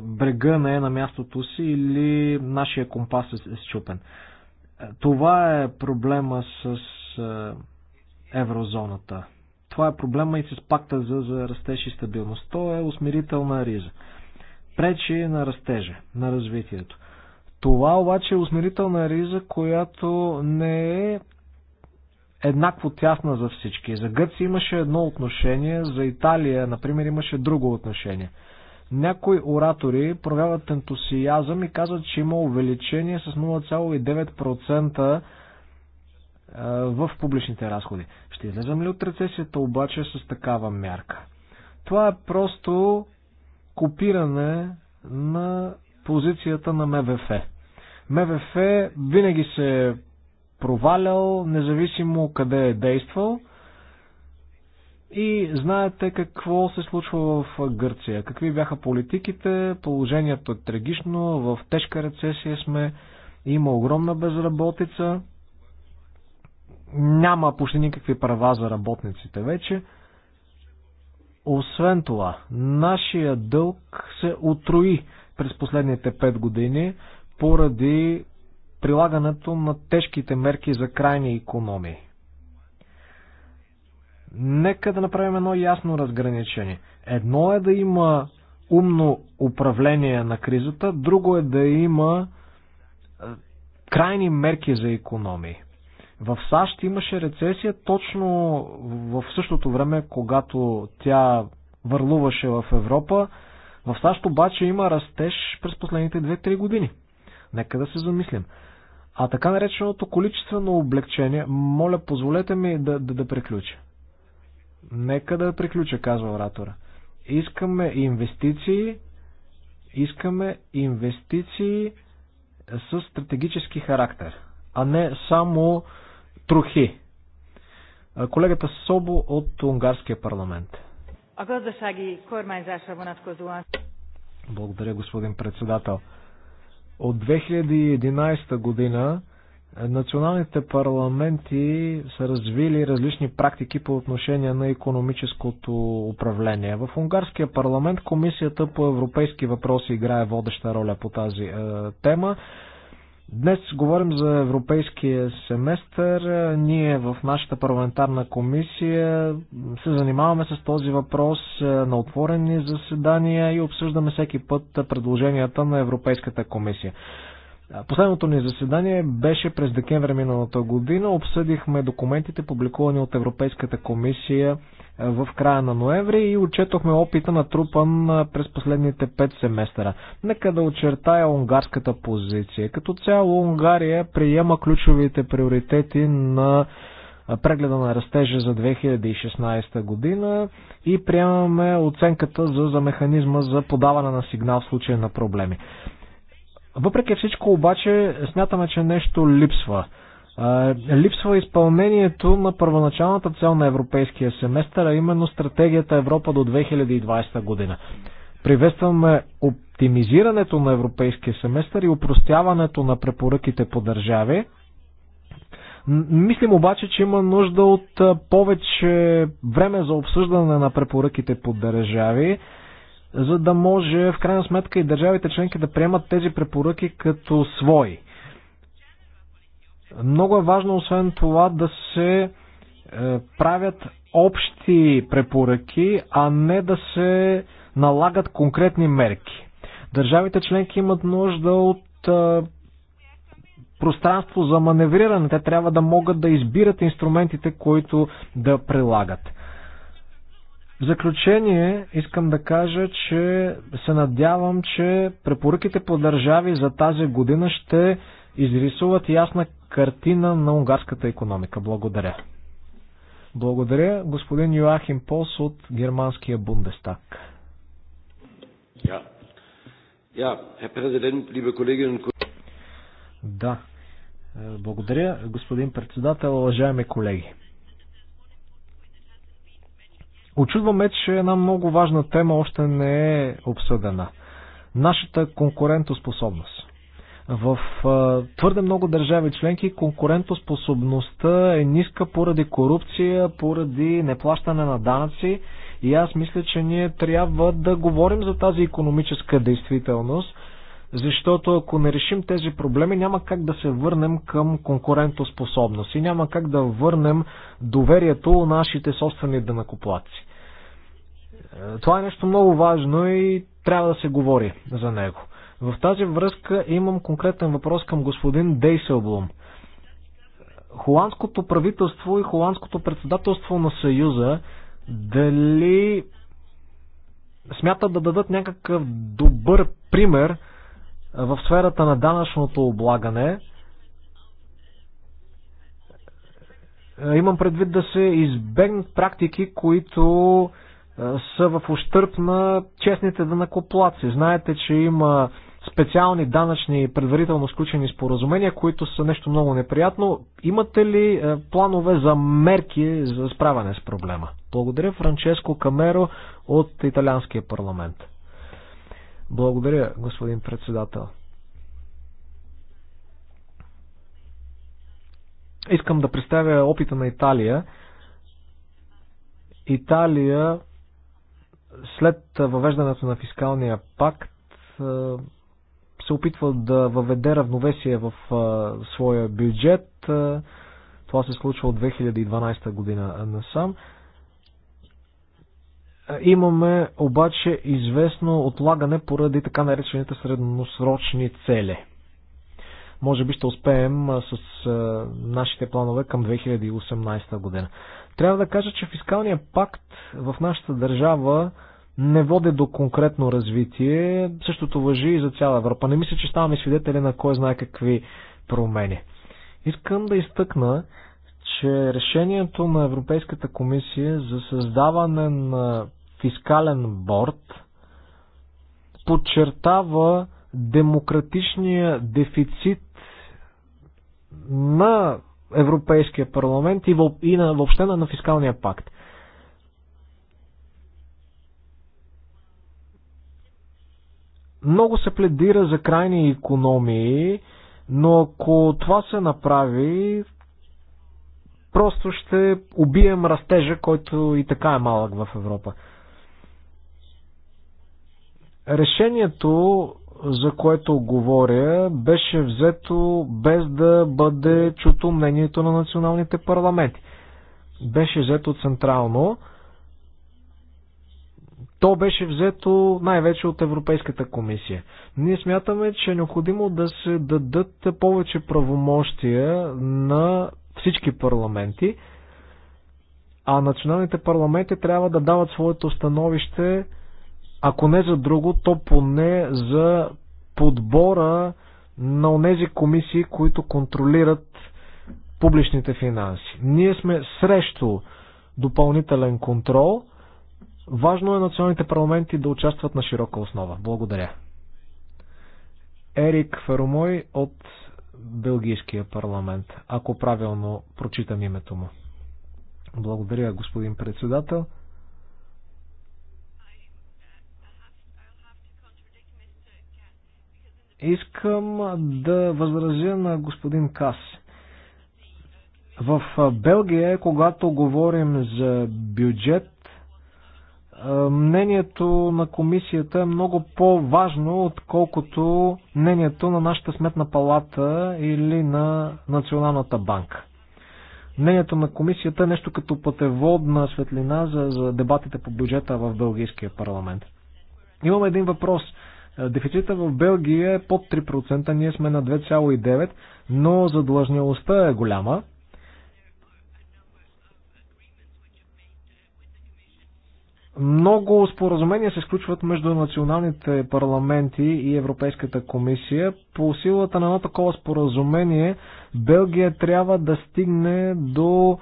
брега не е на мястото си или нашия компас е, е счупен. Е, това е проблема с еврозоната. Това е проблема и с пакта за, за растеж и стабилност. То е усмирителна риза. Пречи на растежа, на развитието. Това обаче е усмирителна риза, която не е еднакво тясна за всички. За Гърция имаше едно отношение, за Италия, например, имаше друго отношение. Някои оратори проявяват ентусиазъм и казват, че има увеличение с 0,9% в публичните разходи. Ще излезем ли от рецесията обаче с такава мярка? Това е просто копиране на позицията на МВФ. МВФ винаги се провалял, независимо къде е действал. И знаете какво се случва в Гърция. Какви бяха политиките, положението е трагично, в тежка рецесия сме, има огромна безработица, няма почти никакви права за работниците вече. Освен това, нашия дълг се отрои през последните 5 години поради прилагането на тежките мерки за крайни економии. Нека да направим едно ясно разграничение. Едно е да има умно управление на кризата, друго е да има е, крайни мерки за економии. В САЩ имаше рецесия точно в същото време, когато тя върлуваше в Европа. В САЩ обаче има растеж през последните 2-3 години. Нека да се замислим. А така нареченото количествено облегчение, моля, позволете ми да, да, да приключа. Нека да приключа, казва оратора. Искаме инвестиции, искаме инвестиции с стратегически характер, а не само трохи. Колегата Собо от Унгарския парламент. Благодаря, господин председател. От 2011 година е, националните парламенти са развили различни практики по отношение на економическото управление. В унгарския парламент Комисията по европейски въпроси играе водеща роля по тази е, тема. Днес говорим за европейския семестър. Ние в нашата парламентарна комисия се занимаваме с този въпрос на отворени заседания и обсъждаме всеки път предложенията на Европейската комисия. Последното ни заседание беше през декември миналата година. Обсъдихме документите, публикувани от Европейската комисия в края на ноември и отчетохме опита на трупан през последните 5 семестъра. Нека да очертая унгарската позиция. Като цяло Унгария приема ключовите приоритети на прегледа на растежа за 2016 година и приемаме оценката за, за механизма за подаване на сигнал в случай на проблеми. Въпреки всичко обаче смятаме, че нещо липсва липсва изпълнението на първоначалната цел на европейския семестър, а именно стратегията Европа до 2020 година. Приветстваме оптимизирането на европейския семестър и упростяването на препоръките по държави. Мислим обаче, че има нужда от повече време за обсъждане на препоръките по държави, за да може в крайна сметка и държавите членки да приемат тези препоръки като свои много е важно, освен това, да се е, правят общи препоръки, а не да се налагат конкретни мерки. Държавите членки имат нужда от е, пространство за маневриране. Те трябва да могат да избират инструментите, които да прилагат. В заключение искам да кажа, че се надявам, че препоръките по държави за тази година ще изрисуват ясна картина на унгарската економика. Благодаря. Благодаря господин Йоахим Полс от германския Бундестаг. Да. Да, президент, Präsident, Да. Благодаря, господин председател, уважаеми колеги. Очудваме, че една много важна тема още не е обсъдена. Нашата конкурентоспособност. В твърде много държави членки конкурентоспособността е ниска поради корупция, поради неплащане на данъци и аз мисля, че ние трябва да говорим за тази економическа действителност, защото ако не решим тези проблеми, няма как да се върнем към конкурентоспособност и няма как да върнем доверието у нашите собствени дънакоплаци. Е, това е нещо много важно и трябва да се говори за него. В тази връзка имам конкретен въпрос към господин Дейселблум. Холандското правителство и холандското председателство на Съюза дали смятат да дадат някакъв добър пример в сферата на данъчното облагане. Имам предвид да се избегнат практики, които са в ущърп на честните данакоплаци. Знаете, че има специални данъчни предварително сключени споразумения, които са нещо много неприятно. Имате ли е, планове за мерки за справяне с проблема? Благодаря Франческо Камеро от Италианския парламент. Благодаря, господин председател. Искам да представя опита на Италия. Италия след въвеждането на фискалния пакт е, се опитва да въведе равновесие в своя бюджет. Това се случва от 2012 година насам. Имаме обаче известно отлагане поради така наречените средносрочни цели. Може би ще успеем с нашите планове към 2018 година. Трябва да кажа, че фискалният пакт в нашата държава не води до конкретно развитие. Същото въжи и за цяла Европа. Не мисля, че ставаме свидетели на кой знае какви промени. Искам да изтъкна, че решението на Европейската комисия за създаване на фискален борт подчертава демократичния дефицит на Европейския парламент и, на, въобще на фискалния пакт. Много се пледира за крайни економии, но ако това се направи, просто ще убием растежа, който и така е малък в Европа. Решението, за което говоря, беше взето без да бъде чуто мнението на националните парламенти. Беше взето централно. То беше взето най-вече от Европейската комисия. Ние смятаме, че е необходимо да се дадат повече правомощия на всички парламенти, а националните парламенти трябва да дават своето становище, ако не за друго, то поне за подбора на онези комисии, които контролират публичните финанси. Ние сме срещу допълнителен контрол – Важно е националните парламенти да участват на широка основа. Благодаря. Ерик Феромой от Белгийския парламент, ако правилно прочитам името му. Благодаря, господин председател. Искам да възразя на господин Кас. В Белгия, когато говорим за бюджет, е, мнението на комисията е много по-важно, отколкото мнението на нашата сметна палата или на Националната банка. Мнението на комисията е нещо като пътеводна светлина за, за дебатите по бюджета в Белгийския парламент. Имам един въпрос. Е, дефицита в Белгия е под 3%, ние сме на 2,9%, но задлъжнялостта е голяма. Много споразумения се сключват между националните парламенти и Европейската комисия. По силата на едно такова споразумение Белгия трябва да стигне до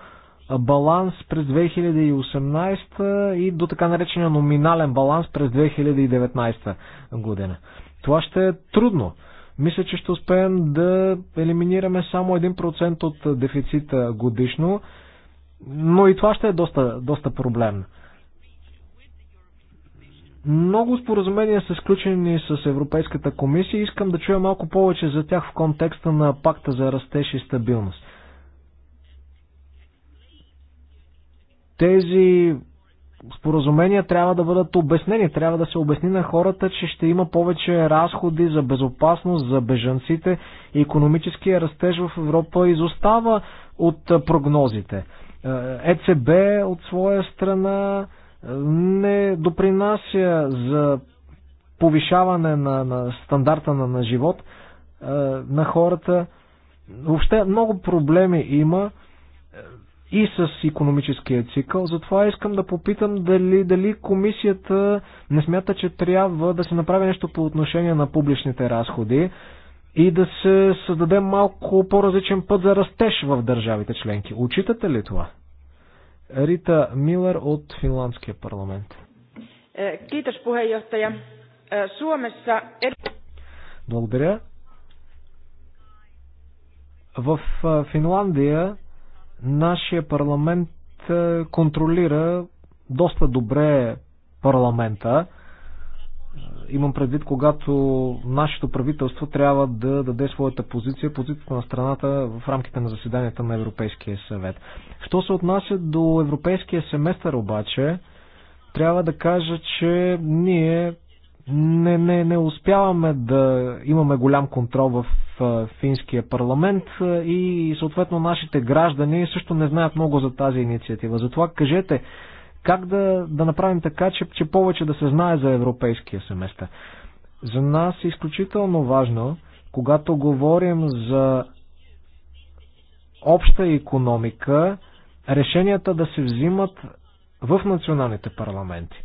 баланс през 2018 и до така наречения номинален баланс през 2019 година. Това ще е трудно. Мисля, че ще успеем да елиминираме само 1% от дефицита годишно, но и това ще е доста, доста проблемно. Много споразумения са сключени с Европейската комисия. Искам да чуя малко повече за тях в контекста на пакта за растеж и стабилност. Тези споразумения трябва да бъдат обяснени. Трябва да се обясни на хората, че ще има повече разходи за безопасност, за бежанците. Економическия растеж в Европа изостава от прогнозите. ЕЦБ е е от своя страна не допринася за повишаване на, на стандарта на, на живот на хората. Въобще много проблеми има и с економическия цикъл. Затова искам да попитам дали, дали комисията не смята, че трябва да се направи нещо по отношение на публичните разходи и да се създаде малко по-различен път за растеж в държавите членки. Учитате ли това? Рита Милер от Финландския парламент. Е, е, Suomessa... Благодаря. В е, Финландия нашия парламент контролира доста добре парламента. Имам предвид, когато нашето правителство трябва да даде своята позиция, позицията на страната в рамките на заседанията на Европейския съвет. Що се отнася до Европейския семестър обаче, трябва да кажа, че ние не, не, не успяваме да имаме голям контрол в финския парламент и съответно нашите граждани също не знаят много за тази инициатива. Затова кажете как да, да направим така, че, че повече да се знае за европейския семестър? За нас е изключително важно, когато говорим за обща економика, решенията да се взимат в националните парламенти.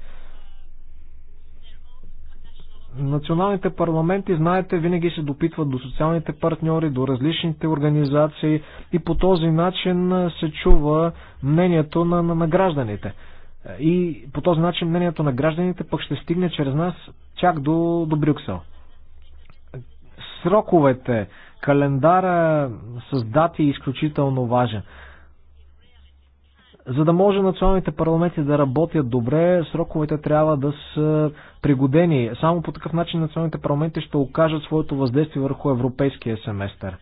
Националните парламенти, знаете, винаги се допитват до социалните партньори, до различните организации и по този начин се чува мнението на, на, на гражданите. И по този начин мнението на гражданите пък ще стигне чрез нас чак до, до Брюксел. Сроковете, календара с дати е изключително важен. За да може националните парламенти да работят добре, сроковете трябва да са пригодени. Само по такъв начин националните парламенти ще окажат своето въздействие върху европейския семестър.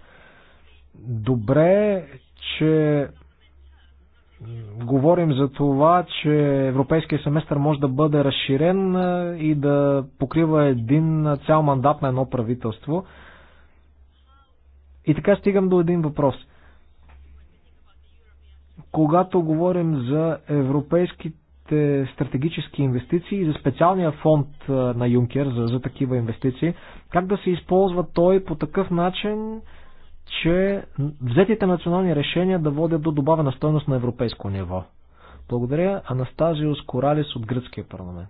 Добре, е, че говорим за това, че европейския семестър може да бъде разширен и да покрива един цял мандат на едно правителство. И така стигам до един въпрос. Когато говорим за европейските стратегически инвестиции и за специалния фонд на Юнкер за, за такива инвестиции, как да се използва той по такъв начин, че взетите национални решения да водят до добавена стойност на европейско ниво. Благодаря Анастазиус Коралис от Гръцкия парламент.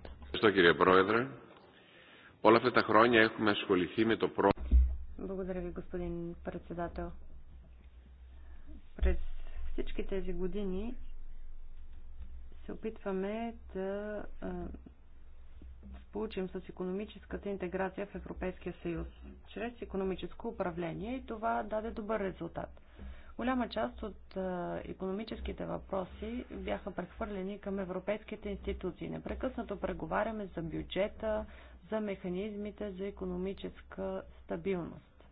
Благодаря ви, господин председател. През всички тези години се опитваме да получим с економическата интеграция в Европейския съюз, чрез економическо управление и това даде добър резултат. Голяма част от економическите въпроси бяха прехвърлени към европейските институции. Непрекъснато преговаряме за бюджета, за механизмите за економическа стабилност.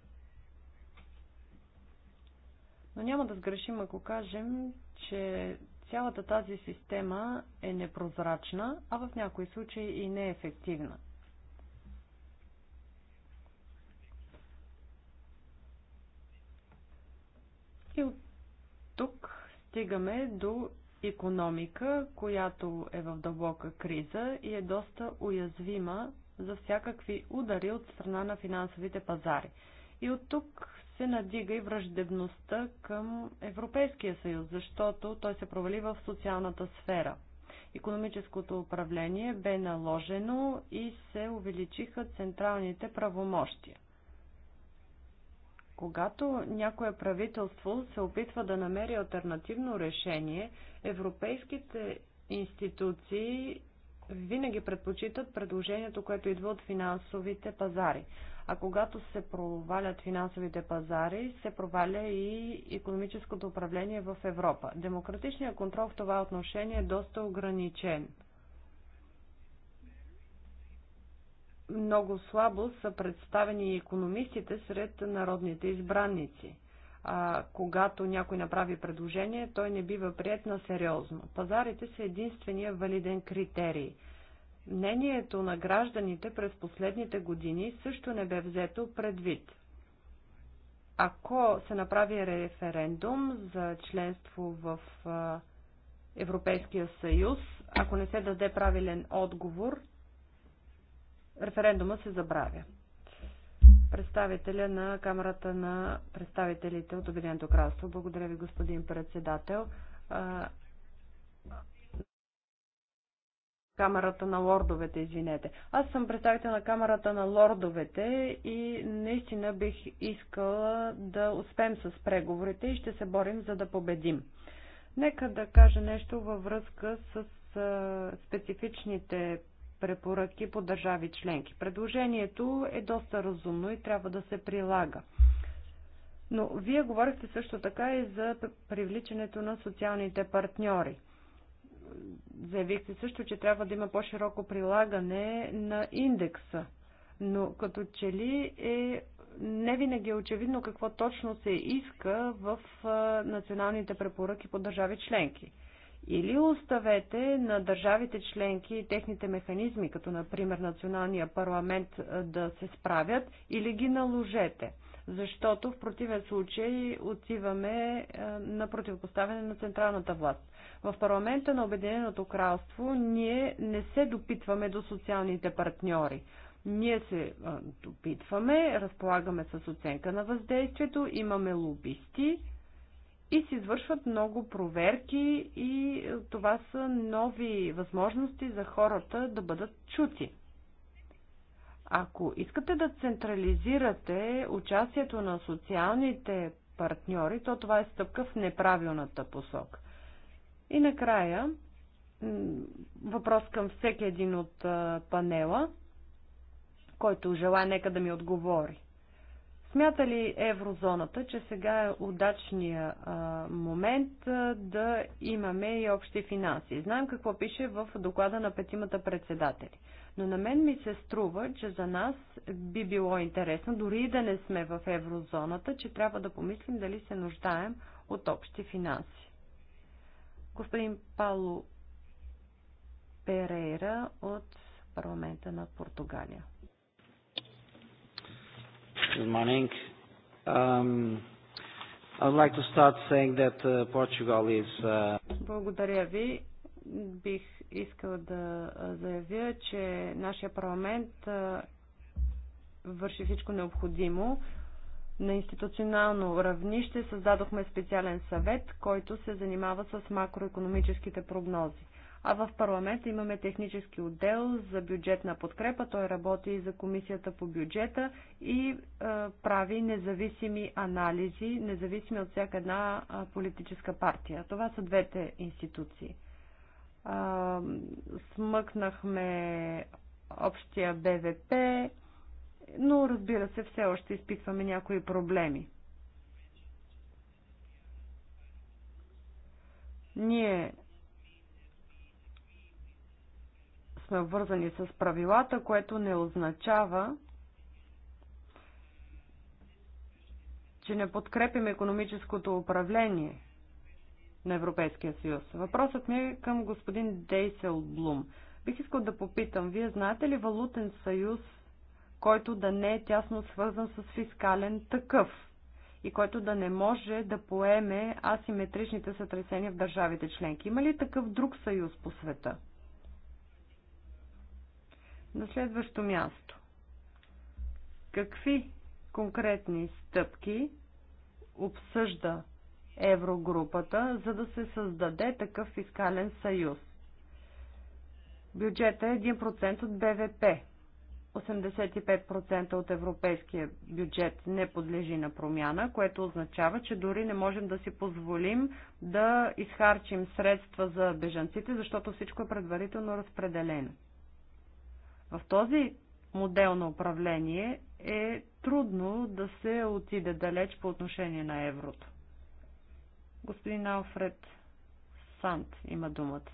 Но няма да сгрешим, ако кажем, че Цялата тази система е непрозрачна, а в някои случаи и неефективна. Е и от тук стигаме до економика, която е в дълбока криза и е доста уязвима за всякакви удари от страна на финансовите пазари. И от тук се надига и враждебността към Европейския съюз, защото той се провали в социалната сфера. Економическото управление бе наложено и се увеличиха централните правомощия. Когато някое правителство се опитва да намери альтернативно решение, европейските институции винаги предпочитат предложението, което идва от финансовите пазари. А когато се провалят финансовите пазари, се проваля и економическото управление в Европа. Демократичният контрол в това отношение е доста ограничен. Много слабо са представени и економистите сред народните избранници – а, когато някой направи предложение, той не бива прият на сериозно. Пазарите са единствения валиден критерий. Мнението на гражданите през последните години също не бе взето предвид. Ако се направи референдум за членство в Европейския съюз, ако не се даде правилен отговор, референдума се забравя представителя на Камерата на представителите от Обединеното кралство. Благодаря ви, господин председател. Камерата на лордовете, извинете. Аз съм представител на Камерата на лордовете и наистина бих искала да успеем с преговорите и ще се борим за да победим. Нека да кажа нещо във връзка с специфичните препоръки по държави членки. Предложението е доста разумно и трябва да се прилага. Но вие говорихте също така и за привличането на социалните партньори. Заявихте също, че трябва да има по-широко прилагане на индекса. Но като че ли е не винаги е очевидно какво точно се иска в националните препоръки по държави членки. Или оставете на държавите членки и техните механизми, като например националния парламент да се справят, или ги наложете. Защото в противен случай отиваме на противопоставяне на централната власт. В парламента на Обединеното кралство ние не се допитваме до социалните партньори. Ние се допитваме, разполагаме с оценка на въздействието, имаме лобисти, и се извършват много проверки и това са нови възможности за хората да бъдат чути. Ако искате да централизирате участието на социалните партньори, то това е стъпка в неправилната посока. И накрая, въпрос към всеки един от панела, който желая нека да ми отговори. Смята ли еврозоната, че сега е удачния а, момент а, да имаме и общи финанси? Знаем какво пише в доклада на петимата председатели. Но на мен ми се струва, че за нас би било интересно, дори и да не сме в еврозоната, че трябва да помислим дали се нуждаем от общи финанси. Господин Пало Перейра от парламента на Португалия. Good morning. Um, I would like to start saying that uh, Portugal is... Uh, Благодаря ви. Бих искал да заявя, че нашия парламент върши всичко необходимо. На институционално равнище създадохме специален съвет, който се занимава с макроекономическите прогнози. А в парламента имаме технически отдел за бюджетна подкрепа. Той работи и за комисията по бюджета и е, прави независими анализи, независими от всяка една политическа партия. Това са двете институции. А, смъкнахме общия БВП, но разбира се, все още изпитваме някои проблеми. Ние са вързани с правилата, което не означава, че не подкрепим економическото управление на Европейския съюз. Въпросът ми е към господин Дейсел Блум. Бих искал да попитам, вие знаете ли валутен съюз, който да не е тясно свързан с фискален такъв и който да не може да поеме асиметричните сътресения в държавите членки? Има ли такъв друг съюз по света? На следващо място. Какви конкретни стъпки обсъжда еврогрупата, за да се създаде такъв фискален съюз? Бюджета е 1% от БВП. 85% от европейския бюджет не подлежи на промяна, което означава, че дори не можем да си позволим да изхарчим средства за бежанците, защото всичко е предварително разпределено. В този модел на управление е трудно да се отиде далеч по отношение на еврото. Господин Алфред Сант има думата.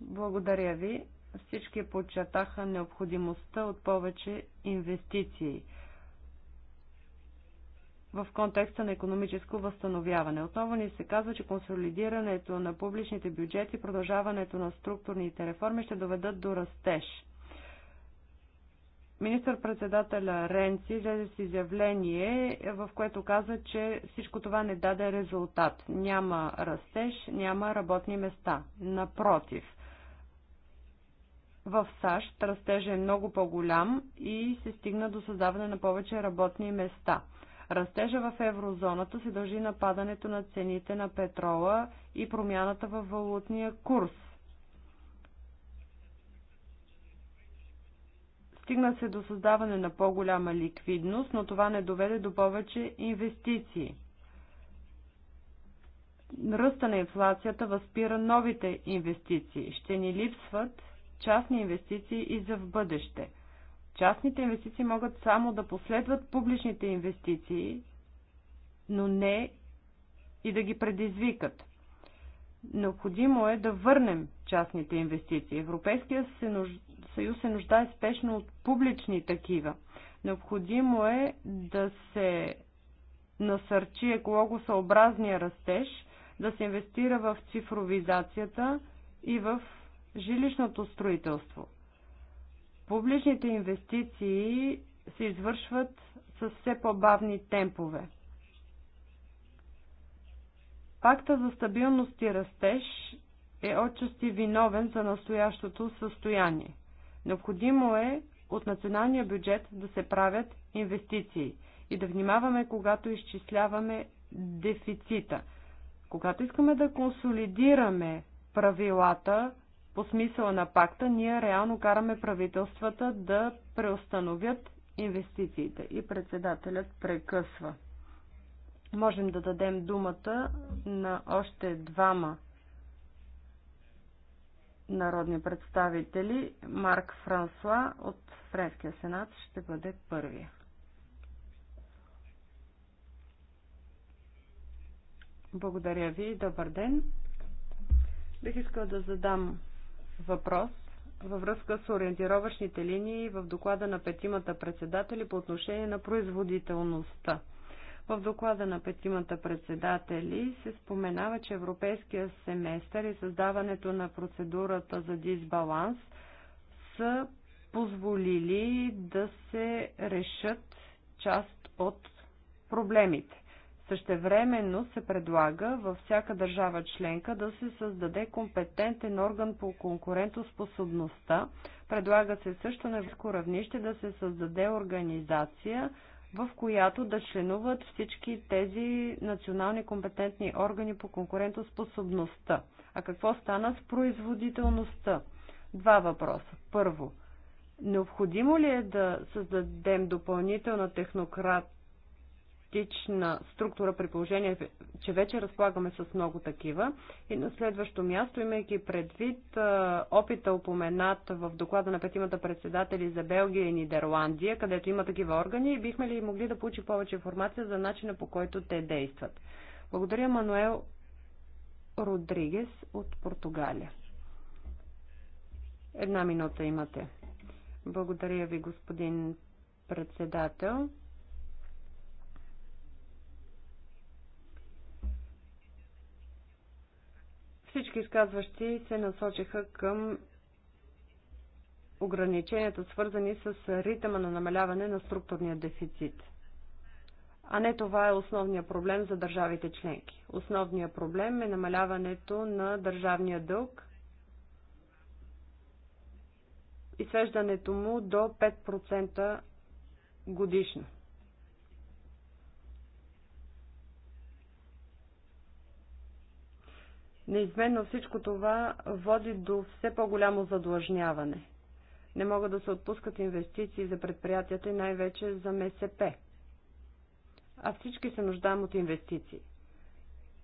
Благодаря ви. Всички подчертаха необходимостта от повече инвестиции в контекста на економическо възстановяване. Отново ни се казва, че консолидирането на публичните бюджети, продължаването на структурните реформи ще доведат до растеж – Министър-председателя Ренци излезе с изявление, в което каза, че всичко това не даде резултат. Няма растеж, няма работни места. Напротив, в САЩ растежа е много по-голям и се стигна до създаване на повече работни места. Растежа в еврозоната се дължи на падането на цените на петрола и промяната във валутния курс – Стигна се до създаване на по-голяма ликвидност, но това не доведе до повече инвестиции. Ръста на инфлацията възпира новите инвестиции. Ще ни липсват частни инвестиции и за в бъдеще. Частните инвестиции могат само да последват публичните инвестиции, но не и да ги предизвикат. Необходимо е да върнем частните инвестиции. Европейския се съюз се нуждае спешно от публични такива. Необходимо е да се насърчи екологосъобразния растеж, да се инвестира в цифровизацията и в жилищното строителство. Публичните инвестиции се извършват с все по-бавни темпове. Пакта за стабилност и растеж е отчасти виновен за настоящото състояние. Необходимо е от националния бюджет да се правят инвестиции и да внимаваме, когато изчисляваме дефицита. Когато искаме да консолидираме правилата по смисъла на пакта, ние реално караме правителствата да преустановят инвестициите. И председателят прекъсва. Можем да дадем думата на още двама народни представители. Марк Франсуа от Френския сенат ще бъде първия. Благодаря ви. Добър ден. Бих искал да задам въпрос във връзка с ориентировъчните линии в доклада на петимата председатели по отношение на производителността. В доклада на петимата председатели се споменава, че европейския семестър и създаването на процедурата за дисбаланс са позволили да се решат част от проблемите. Същевременно се предлага във всяка държава членка да се създаде компетентен орган по конкурентоспособността. Предлага се също на високо равнище да се създаде организация – в която да членуват всички тези национални компетентни органи по конкурентоспособността. А какво стана с производителността? Два въпроса. Първо, необходимо ли е да създадем допълнителна технократ бюрократична структура, при положение, че вече разполагаме с много такива. И на следващо място, имайки предвид опита упоменат в доклада на петимата председатели за Белгия и Нидерландия, където има такива органи, бихме ли могли да получи повече информация за начина по който те действат. Благодаря, Мануел Родригес от Португалия. Една минута имате. Благодаря ви, господин председател. Всички изказващи се насочиха към ограниченията, свързани с ритъма на намаляване на структурния дефицит. А не това е основният проблем за държавите членки. Основният проблем е намаляването на държавния дълг и свеждането му до 5% годишно. Неизменно всичко това води до все по-голямо задлъжняване. Не могат да се отпускат инвестиции за предприятията и най-вече за МСП. А всички се нуждаем от инвестиции.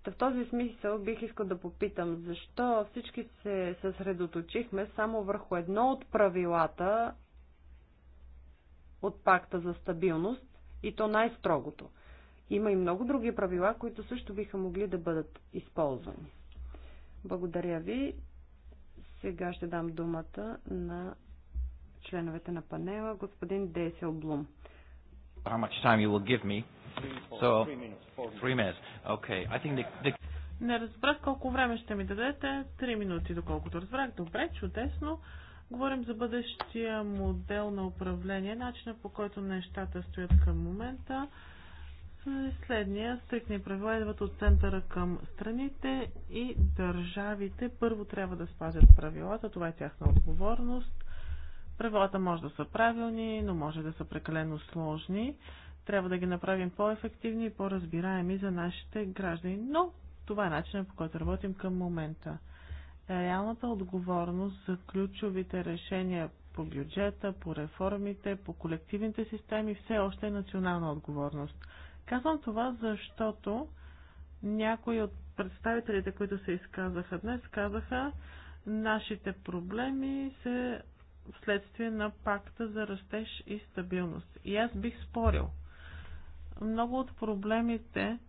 Та в този смисъл бих искал да попитам, защо всички се съсредоточихме само върху едно от правилата от пакта за стабилност и то най-строгото. Има и много други правила, които също биха могли да бъдат използвани. Благодаря ви. Сега ще дам думата на членовете на панела, господин Дейсел Блум. How much time you will give me? So, three minutes. Okay. I think the, the... Не разбрах колко време ще ми дадете. Три минути, доколкото разбрах. Добре, чудесно. Говорим за бъдещия модел на управление, начина по който нещата стоят към момента. Uh, следния. Стрикни правила идват от центъра към страните и държавите първо трябва да спазят правилата. Това е тяхна отговорност. Правилата може да са правилни, но може да са прекалено сложни. Трябва да ги направим по-ефективни и по-разбираеми за нашите граждани. Но това е начинът по който работим към момента. Реалната отговорност за ключовите решения по бюджета, по реформите, по колективните системи все още е национална отговорност. Казвам това, защото някои от представителите, които се изказаха днес, казаха, нашите проблеми се вследствие на пакта за растеж и стабилност. И аз бих спорил. Много от проблемите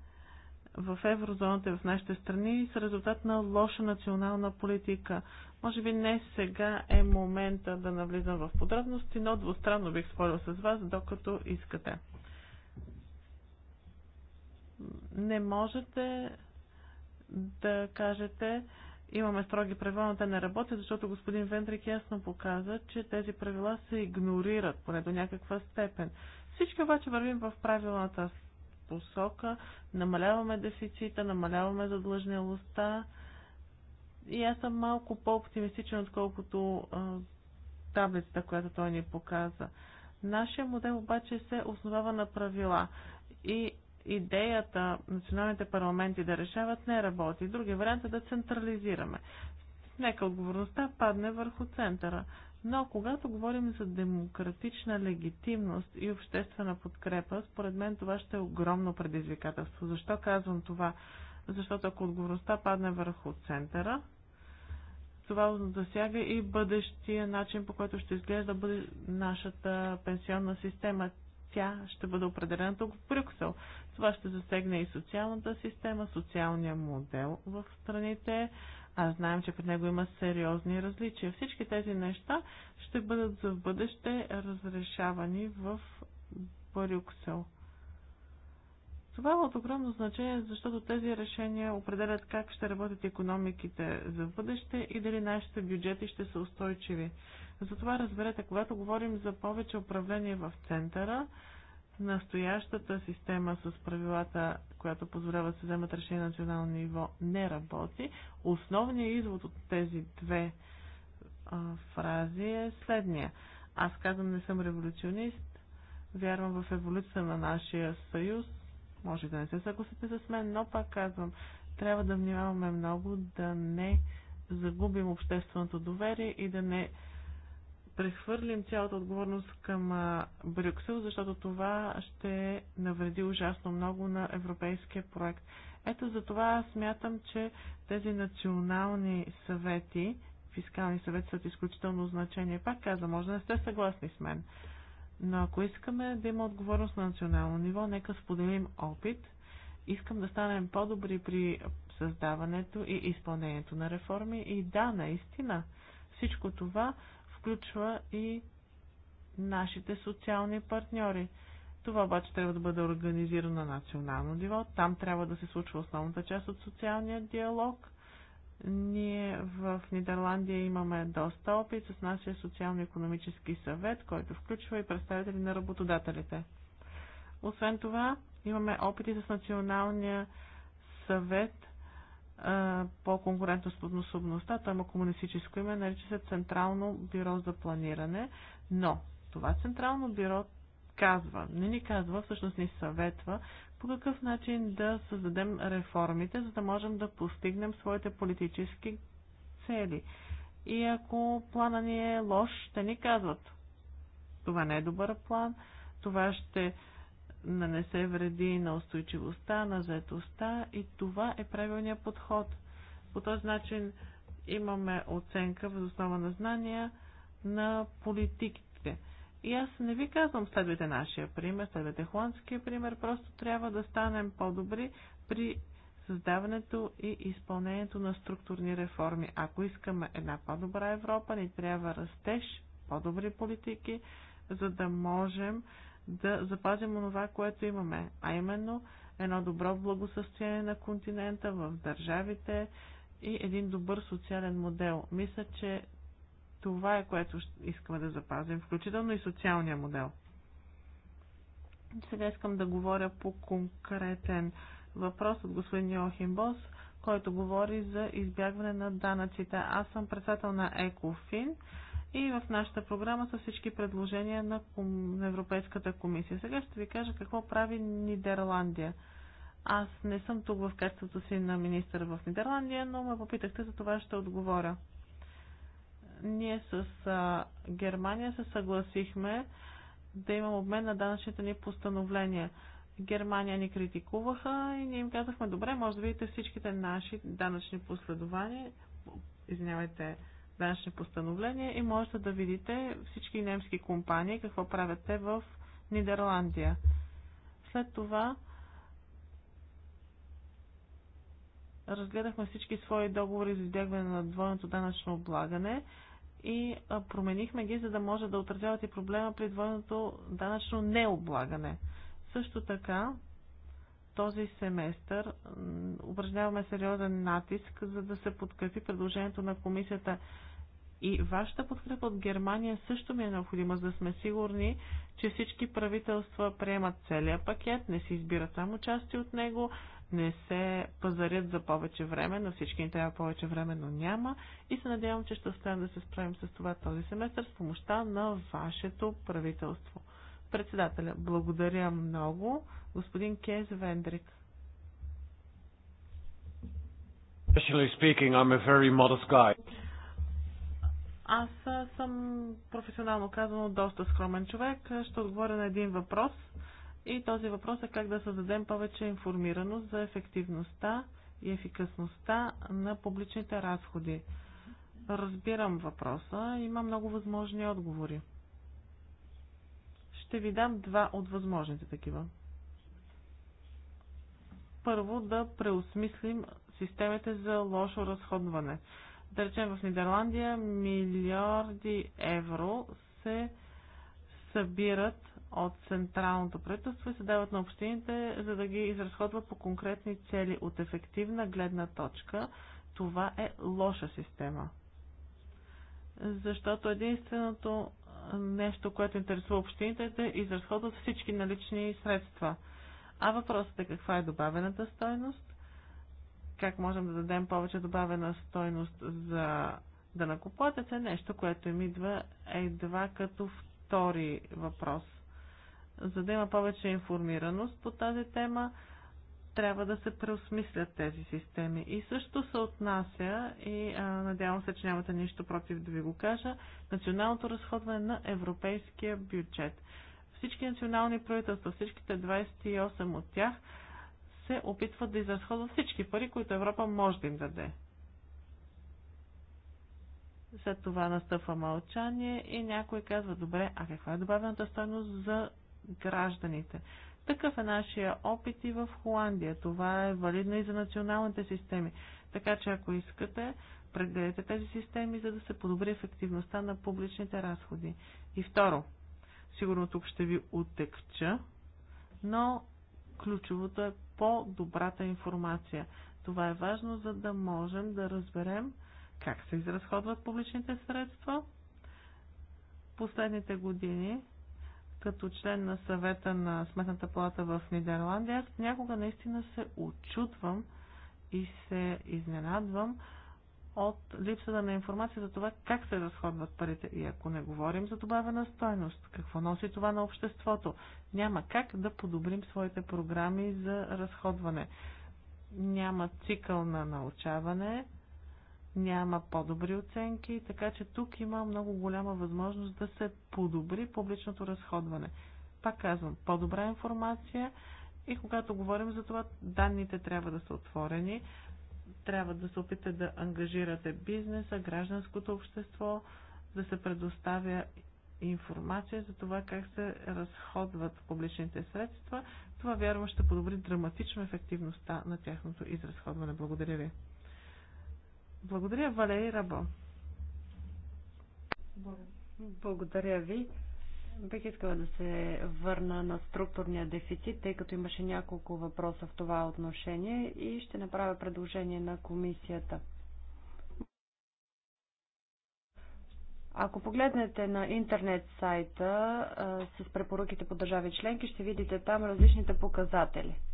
в еврозоната и в нашите страни са резултат на лоша национална политика. Може би не сега е момента да навлизам в подробности, но двустранно бих спорил с вас, докато искате не можете да кажете имаме строги правила, но те не работят, защото господин Вендрик ясно показа, че тези правила се игнорират, поне до някаква степен. Всички обаче вървим в правилната посока, намаляваме дефицита, намаляваме задлъжнялостта и аз съм малко по-оптимистичен, отколкото а, таблицата, която той ни показа. Нашия модел обаче се основава на правила и идеята националните парламенти да решават не работи. Другия вариант е да централизираме. Нека отговорността падне върху центъра. Но когато говорим за демократична легитимност и обществена подкрепа, според мен това ще е огромно предизвикателство. Защо казвам това? Защото ако отговорността падне върху центъра, това засяга и бъдещия начин, по който ще изглежда бъде нашата пенсионна система тя ще бъде определена тук в Брюксел. Това ще засегне и социалната система, социалния модел в страните, а знаем, че при него има сериозни различия. Всички тези неща ще бъдат за в бъдеще разрешавани в Брюксел. Това е от огромно значение, защото тези решения определят как ще работят економиките за бъдеще и дали нашите бюджети ще са устойчиви. Затова разберете, когато говорим за повече управление в центъра, настоящата система с правилата, която позволява да се вземат решения на национално ниво, не работи. Основният извод от тези две а, фрази е следния. Аз казвам, не съм революционист, вярвам в еволюция на нашия съюз, може да не се съгласите с мен, но пак казвам, трябва да внимаваме много да не загубим общественото доверие и да не прехвърлим цялата отговорност към Брюксел, защото това ще навреди ужасно много на европейския проект. Ето за това смятам, че тези национални съвети, фискални съвети са от изключително значение. Пак каза, може да не сте съгласни с мен. Но ако искаме да има отговорност на национално ниво, нека споделим опит. Искам да станем по-добри при създаването и изпълнението на реформи. И да, наистина, всичко това включва и нашите социални партньори. Това обаче трябва да бъде организирано на национално ниво. Там трябва да се случва основната част от социалния диалог. Ние в Нидерландия имаме доста опит с нашия социално-економически съвет, който включва и представители на работодателите. Освен това, имаме опити с Националния съвет по конкурентоспособността. Той има комунистическо име, нарича се Централно бюро за планиране, но това Централно бюро казва, не ни казва, всъщност ни съветва по какъв начин да създадем реформите, за да можем да постигнем своите политически цели. И ако плана ни е лош, ще ни казват. Това не е добър план, това ще нанесе вреди на устойчивостта, на заетостта и това е правилният подход. По този начин имаме оценка въз основа на знания на политиките и аз не ви казвам, следвайте нашия пример, следвайте холандския пример, просто трябва да станем по-добри при създаването и изпълнението на структурни реформи. Ако искаме една по-добра Европа, ни трябва растеж, по-добри политики, за да можем да запазим онова, което имаме, а именно едно добро благосъстояние на континента, в държавите и един добър социален модел. Мисля, че това е което искаме да запазим, включително и социалния модел. Сега искам да говоря по конкретен въпрос от господин Йохим Бос, който говори за избягване на данъците. Аз съм председател на ЕКОФИН и в нашата програма са всички предложения на Европейската комисия. Сега ще ви кажа какво прави Нидерландия. Аз не съм тук в качеството си на министър в Нидерландия, но ме попитахте, за това ще отговоря. Ние с а, Германия се съгласихме да имам обмен на данъчните ни постановления. Германия ни критикуваха и ние им казахме, добре, може да видите всичките наши данъчни последования, извинявайте, данъчни постановления и можете да видите всички немски компании, какво правят те в Нидерландия. След това разгледахме всички свои договори за избягване на двойното данъчно облагане и променихме ги, за да може да отразяват и проблема при двойното данъчно необлагане. Също така, този семестър упражняваме сериозен натиск, за да се подкрепи предложението на комисията. И вашата подкрепа от Германия също ми е необходима, за да сме сигурни, че всички правителства приемат целия пакет, не си избират само части от него, не се пазарят за повече време, на всички ни трябва повече време, но няма. И се надявам, че ще успеем да се справим с това този семестър с помощта на вашето правителство. Председателя, благодаря много. Господин Кез Вендрик. Speaking, I'm a very modest guy. Аз съм професионално казано доста скромен човек. Ще отговоря на един въпрос – и този въпрос е как да създадем повече информираност за ефективността и ефикасността на публичните разходи. Разбирам въпроса, има много възможни отговори. Ще ви дам два от възможните такива. Първо да преосмислим системите за лошо разходване. Да речем в Нидерландия милиарди евро се събират от централното правителство и се дават на общините, за да ги изразходват по конкретни цели. От ефективна гледна точка това е лоша система. Защото единственото нещо, което интересува общините е да изразходват всички налични средства. А въпросът е каква е добавената стойност, как можем да дадем повече добавена стойност за да накоплатец е нещо, което им идва едва като втори въпрос – за да има повече информираност по тази тема, трябва да се преосмислят тези системи. И също се отнася, и а, надявам се, че нямате нищо против да ви го кажа, националното разходване на европейския бюджет. Всички национални правителства, всичките 28 от тях, се опитват да изразходват всички пари, които Европа може да им даде. След това настъпва мълчание и някой казва, добре, а каква е добавената стойност за гражданите. Такъв е нашия опит и в Холандия. Това е валидно и за националните системи. Така че ако искате, прегледайте тези системи, за да се подобри ефективността на публичните разходи. И второ, сигурно тук ще ви отекча, но ключовото е по-добрата информация. Това е важно, за да можем да разберем как се изразходват публичните средства. Последните години като член на съвета на Сметната палата в Нидерландия, някога наистина се очутвам и се изненадвам от липсата на информация за това как се разходват парите. И ако не говорим за добавена стойност, какво носи това на обществото, няма как да подобрим своите програми за разходване. Няма цикъл на научаване, няма по-добри оценки, така че тук има много голяма възможност да се подобри публичното разходване. Пак казвам, по-добра информация и когато говорим за това, данните трябва да са отворени, трябва да се опитате да ангажирате бизнеса, гражданското общество, да се предоставя информация за това как се разходват публичните средства. Това вярвам ще подобри драматично ефективността на тяхното изразходване. Благодаря ви. Благодаря, Валери Рабо. Благодаря ви. Бих искала да се върна на структурния дефицит, тъй като имаше няколко въпроса в това отношение и ще направя предложение на комисията. Ако погледнете на интернет сайта с препоръките по държави членки, ще видите там различните показатели –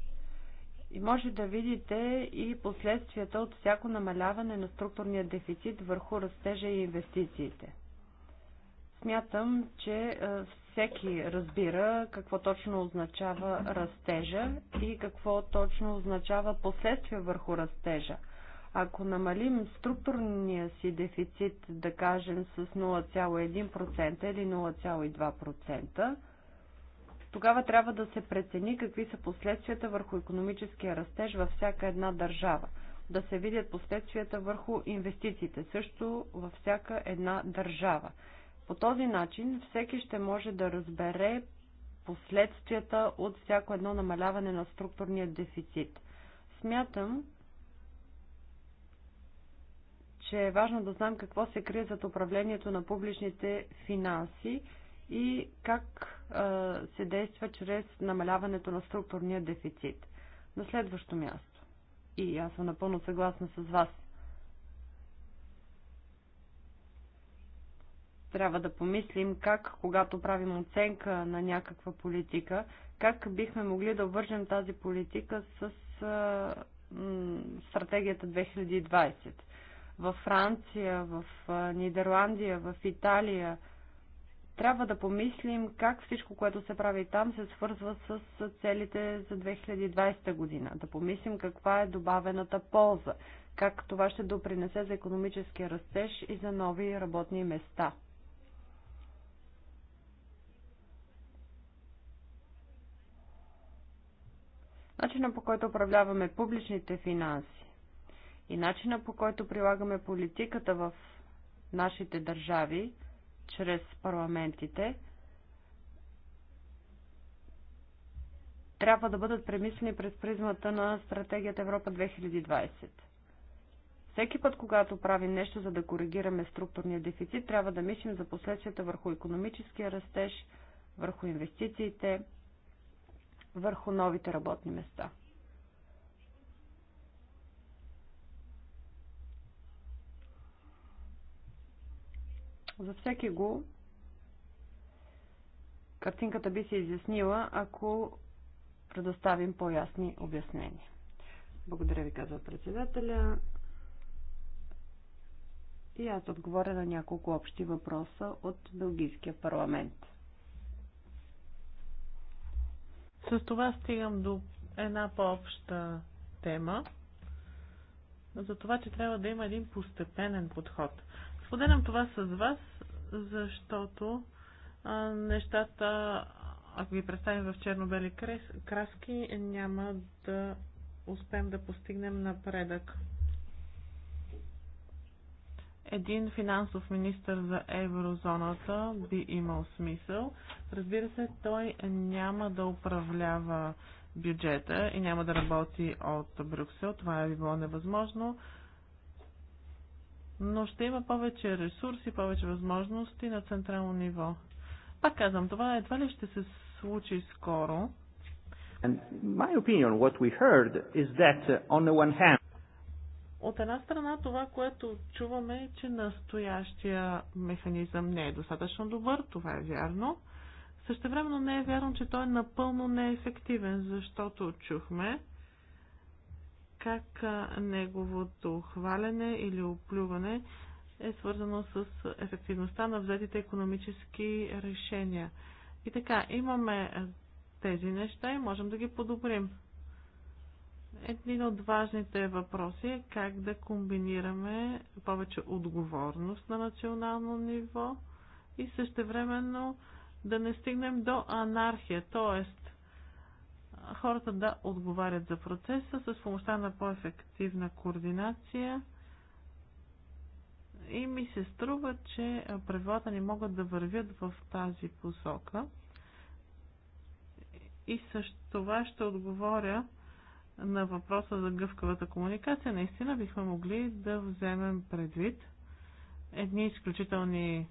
и може да видите и последствията от всяко намаляване на структурния дефицит върху растежа и инвестициите. Смятам, че е, всеки разбира какво точно означава растежа и какво точно означава последствия върху растежа. Ако намалим структурния си дефицит, да кажем, с 0,1% или 0,2%, тогава трябва да се прецени какви са последствията върху економическия растеж във всяка една държава. Да се видят последствията върху инвестициите, също във всяка една държава. По този начин всеки ще може да разбере последствията от всяко едно намаляване на структурния дефицит. Смятам, че е важно да знам какво се крие зад управлението на публичните финанси и как се действа чрез намаляването на структурния дефицит. На следващо място. И аз съм напълно съгласна с вас. Трябва да помислим как, когато правим оценка на някаква политика, как бихме могли да вържем тази политика с стратегията 2020. Във Франция, в Нидерландия, в Италия, трябва да помислим как всичко, което се прави там, се свързва с целите за 2020 година. Да помислим каква е добавената полза, как това ще допринесе за економическия растеж и за нови работни места. Начина по който управляваме публичните финанси и начина по който прилагаме политиката в нашите държави чрез парламентите, трябва да бъдат премислени през призмата на стратегията Европа 2020. Всеки път, когато правим нещо, за да коригираме структурния дефицит, трябва да мислим за последствията върху економическия растеж, върху инвестициите, върху новите работни места. За всеки го картинката би се изяснила, ако предоставим по-ясни обяснения. Благодаря ви, казва председателя. И аз отговоря на няколко общи въпроса от Белгийския парламент. С това стигам до една по-обща тема. За това, че трябва да има един постепенен подход. Споделям това с вас, защото а, нещата, ако ги представим в черно-бели краски, няма да успеем да постигнем напредък. Един финансов министр за еврозоната би имал смисъл. Разбира се, той няма да управлява бюджета и няма да работи от Брюксел. Това е било невъзможно но ще има повече ресурси, повече възможности на централно ниво. Пак казвам, това едва ли ще се случи скоро. opinion, that uh, on hand, от една страна това, което чуваме е, че настоящия механизъм не е достатъчно добър, това е вярно. Същевременно не е вярно, че той е напълно неефективен, защото чухме, как неговото хвалене или оплюване е свързано с ефективността на взетите економически решения. И така, имаме тези неща и можем да ги подобрим. Един от важните въпроси е как да комбинираме повече отговорност на национално ниво и същевременно да не стигнем до анархия, т.е хората да отговарят за процеса с помощта на по-ефективна координация и ми се струва, че правилата ни могат да вървят в тази посока. И също това ще отговоря на въпроса за гъвкавата комуникация. Наистина бихме могли да вземем предвид едни изключителни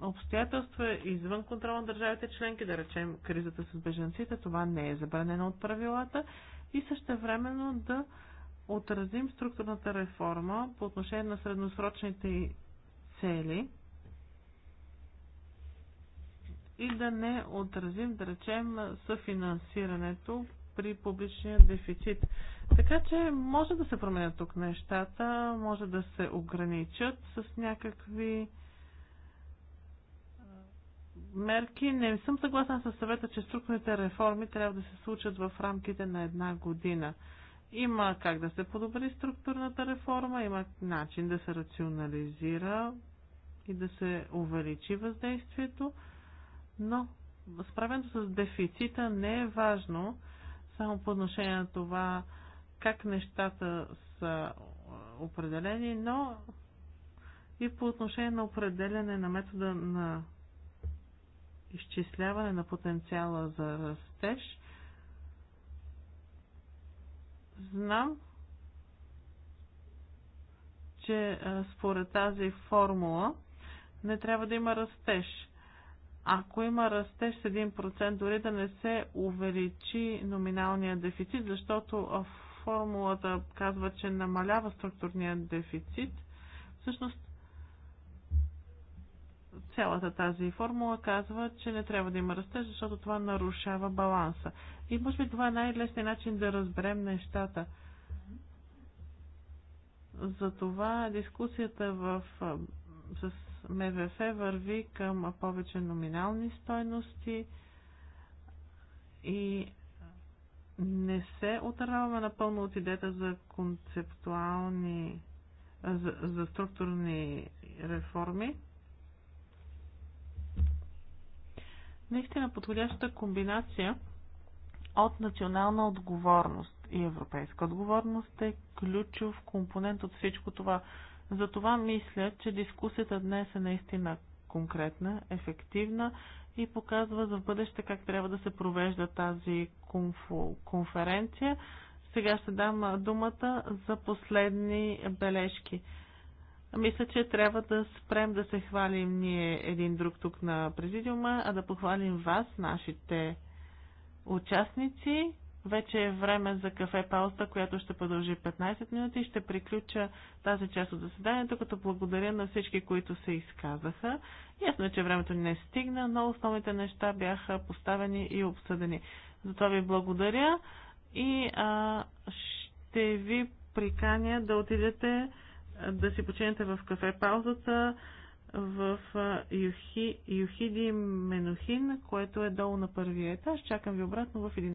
обстоятелства извън контрол на държавите членки, да речем кризата с беженците, това не е забранено от правилата и също времено да отразим структурната реформа по отношение на средносрочните цели и да не отразим, да речем, съфинансирането при публичния дефицит. Така че може да се променят тук нещата, може да се ограничат с някакви мерки. Не съм съгласна с съвета, че структурните реформи трябва да се случат в рамките на една година. Има как да се подобри структурната реформа, има начин да се рационализира и да се увеличи въздействието, но справянето с дефицита не е важно само по отношение на това как нещата са определени, но и по отношение на определене на метода на изчисляване на потенциала за растеж. Знам, че според тази формула не трябва да има растеж. Ако има растеж с 1%, дори да не се увеличи номиналния дефицит, защото формулата казва, че намалява структурния дефицит, всъщност цялата тази формула казва, че не трябва да има растеж, защото това нарушава баланса. И може би това е най-лесният начин да разберем нещата. Затова дискусията в, с МВФ върви към повече номинални стойности и не се отърваме напълно от идеята за концептуални, за, за структурни реформи. наистина подходящата комбинация от национална отговорност и европейска отговорност е ключов компонент от всичко това. Затова мисля, че дискусията днес е наистина конкретна, ефективна и показва за бъдеще как трябва да се провежда тази конференция. Сега ще дам думата за последни бележки. Мисля, че трябва да спрем да се хвалим ние един друг тук на президиума, а да похвалим вас, нашите участници. Вече е време за кафе пауза, която ще продължи 15 минути. Ще приключа тази част от заседанието, като благодаря на всички, които се изказаха. Ясно е, че времето не стигна, но основните неща бяха поставени и обсъдени. Затова ви благодаря и а, ще ви приканя да отидете да си починете в кафе паузата в Юхи, Юхиди Менохин, което е долу на първия етаж. Чакам ви обратно в 11.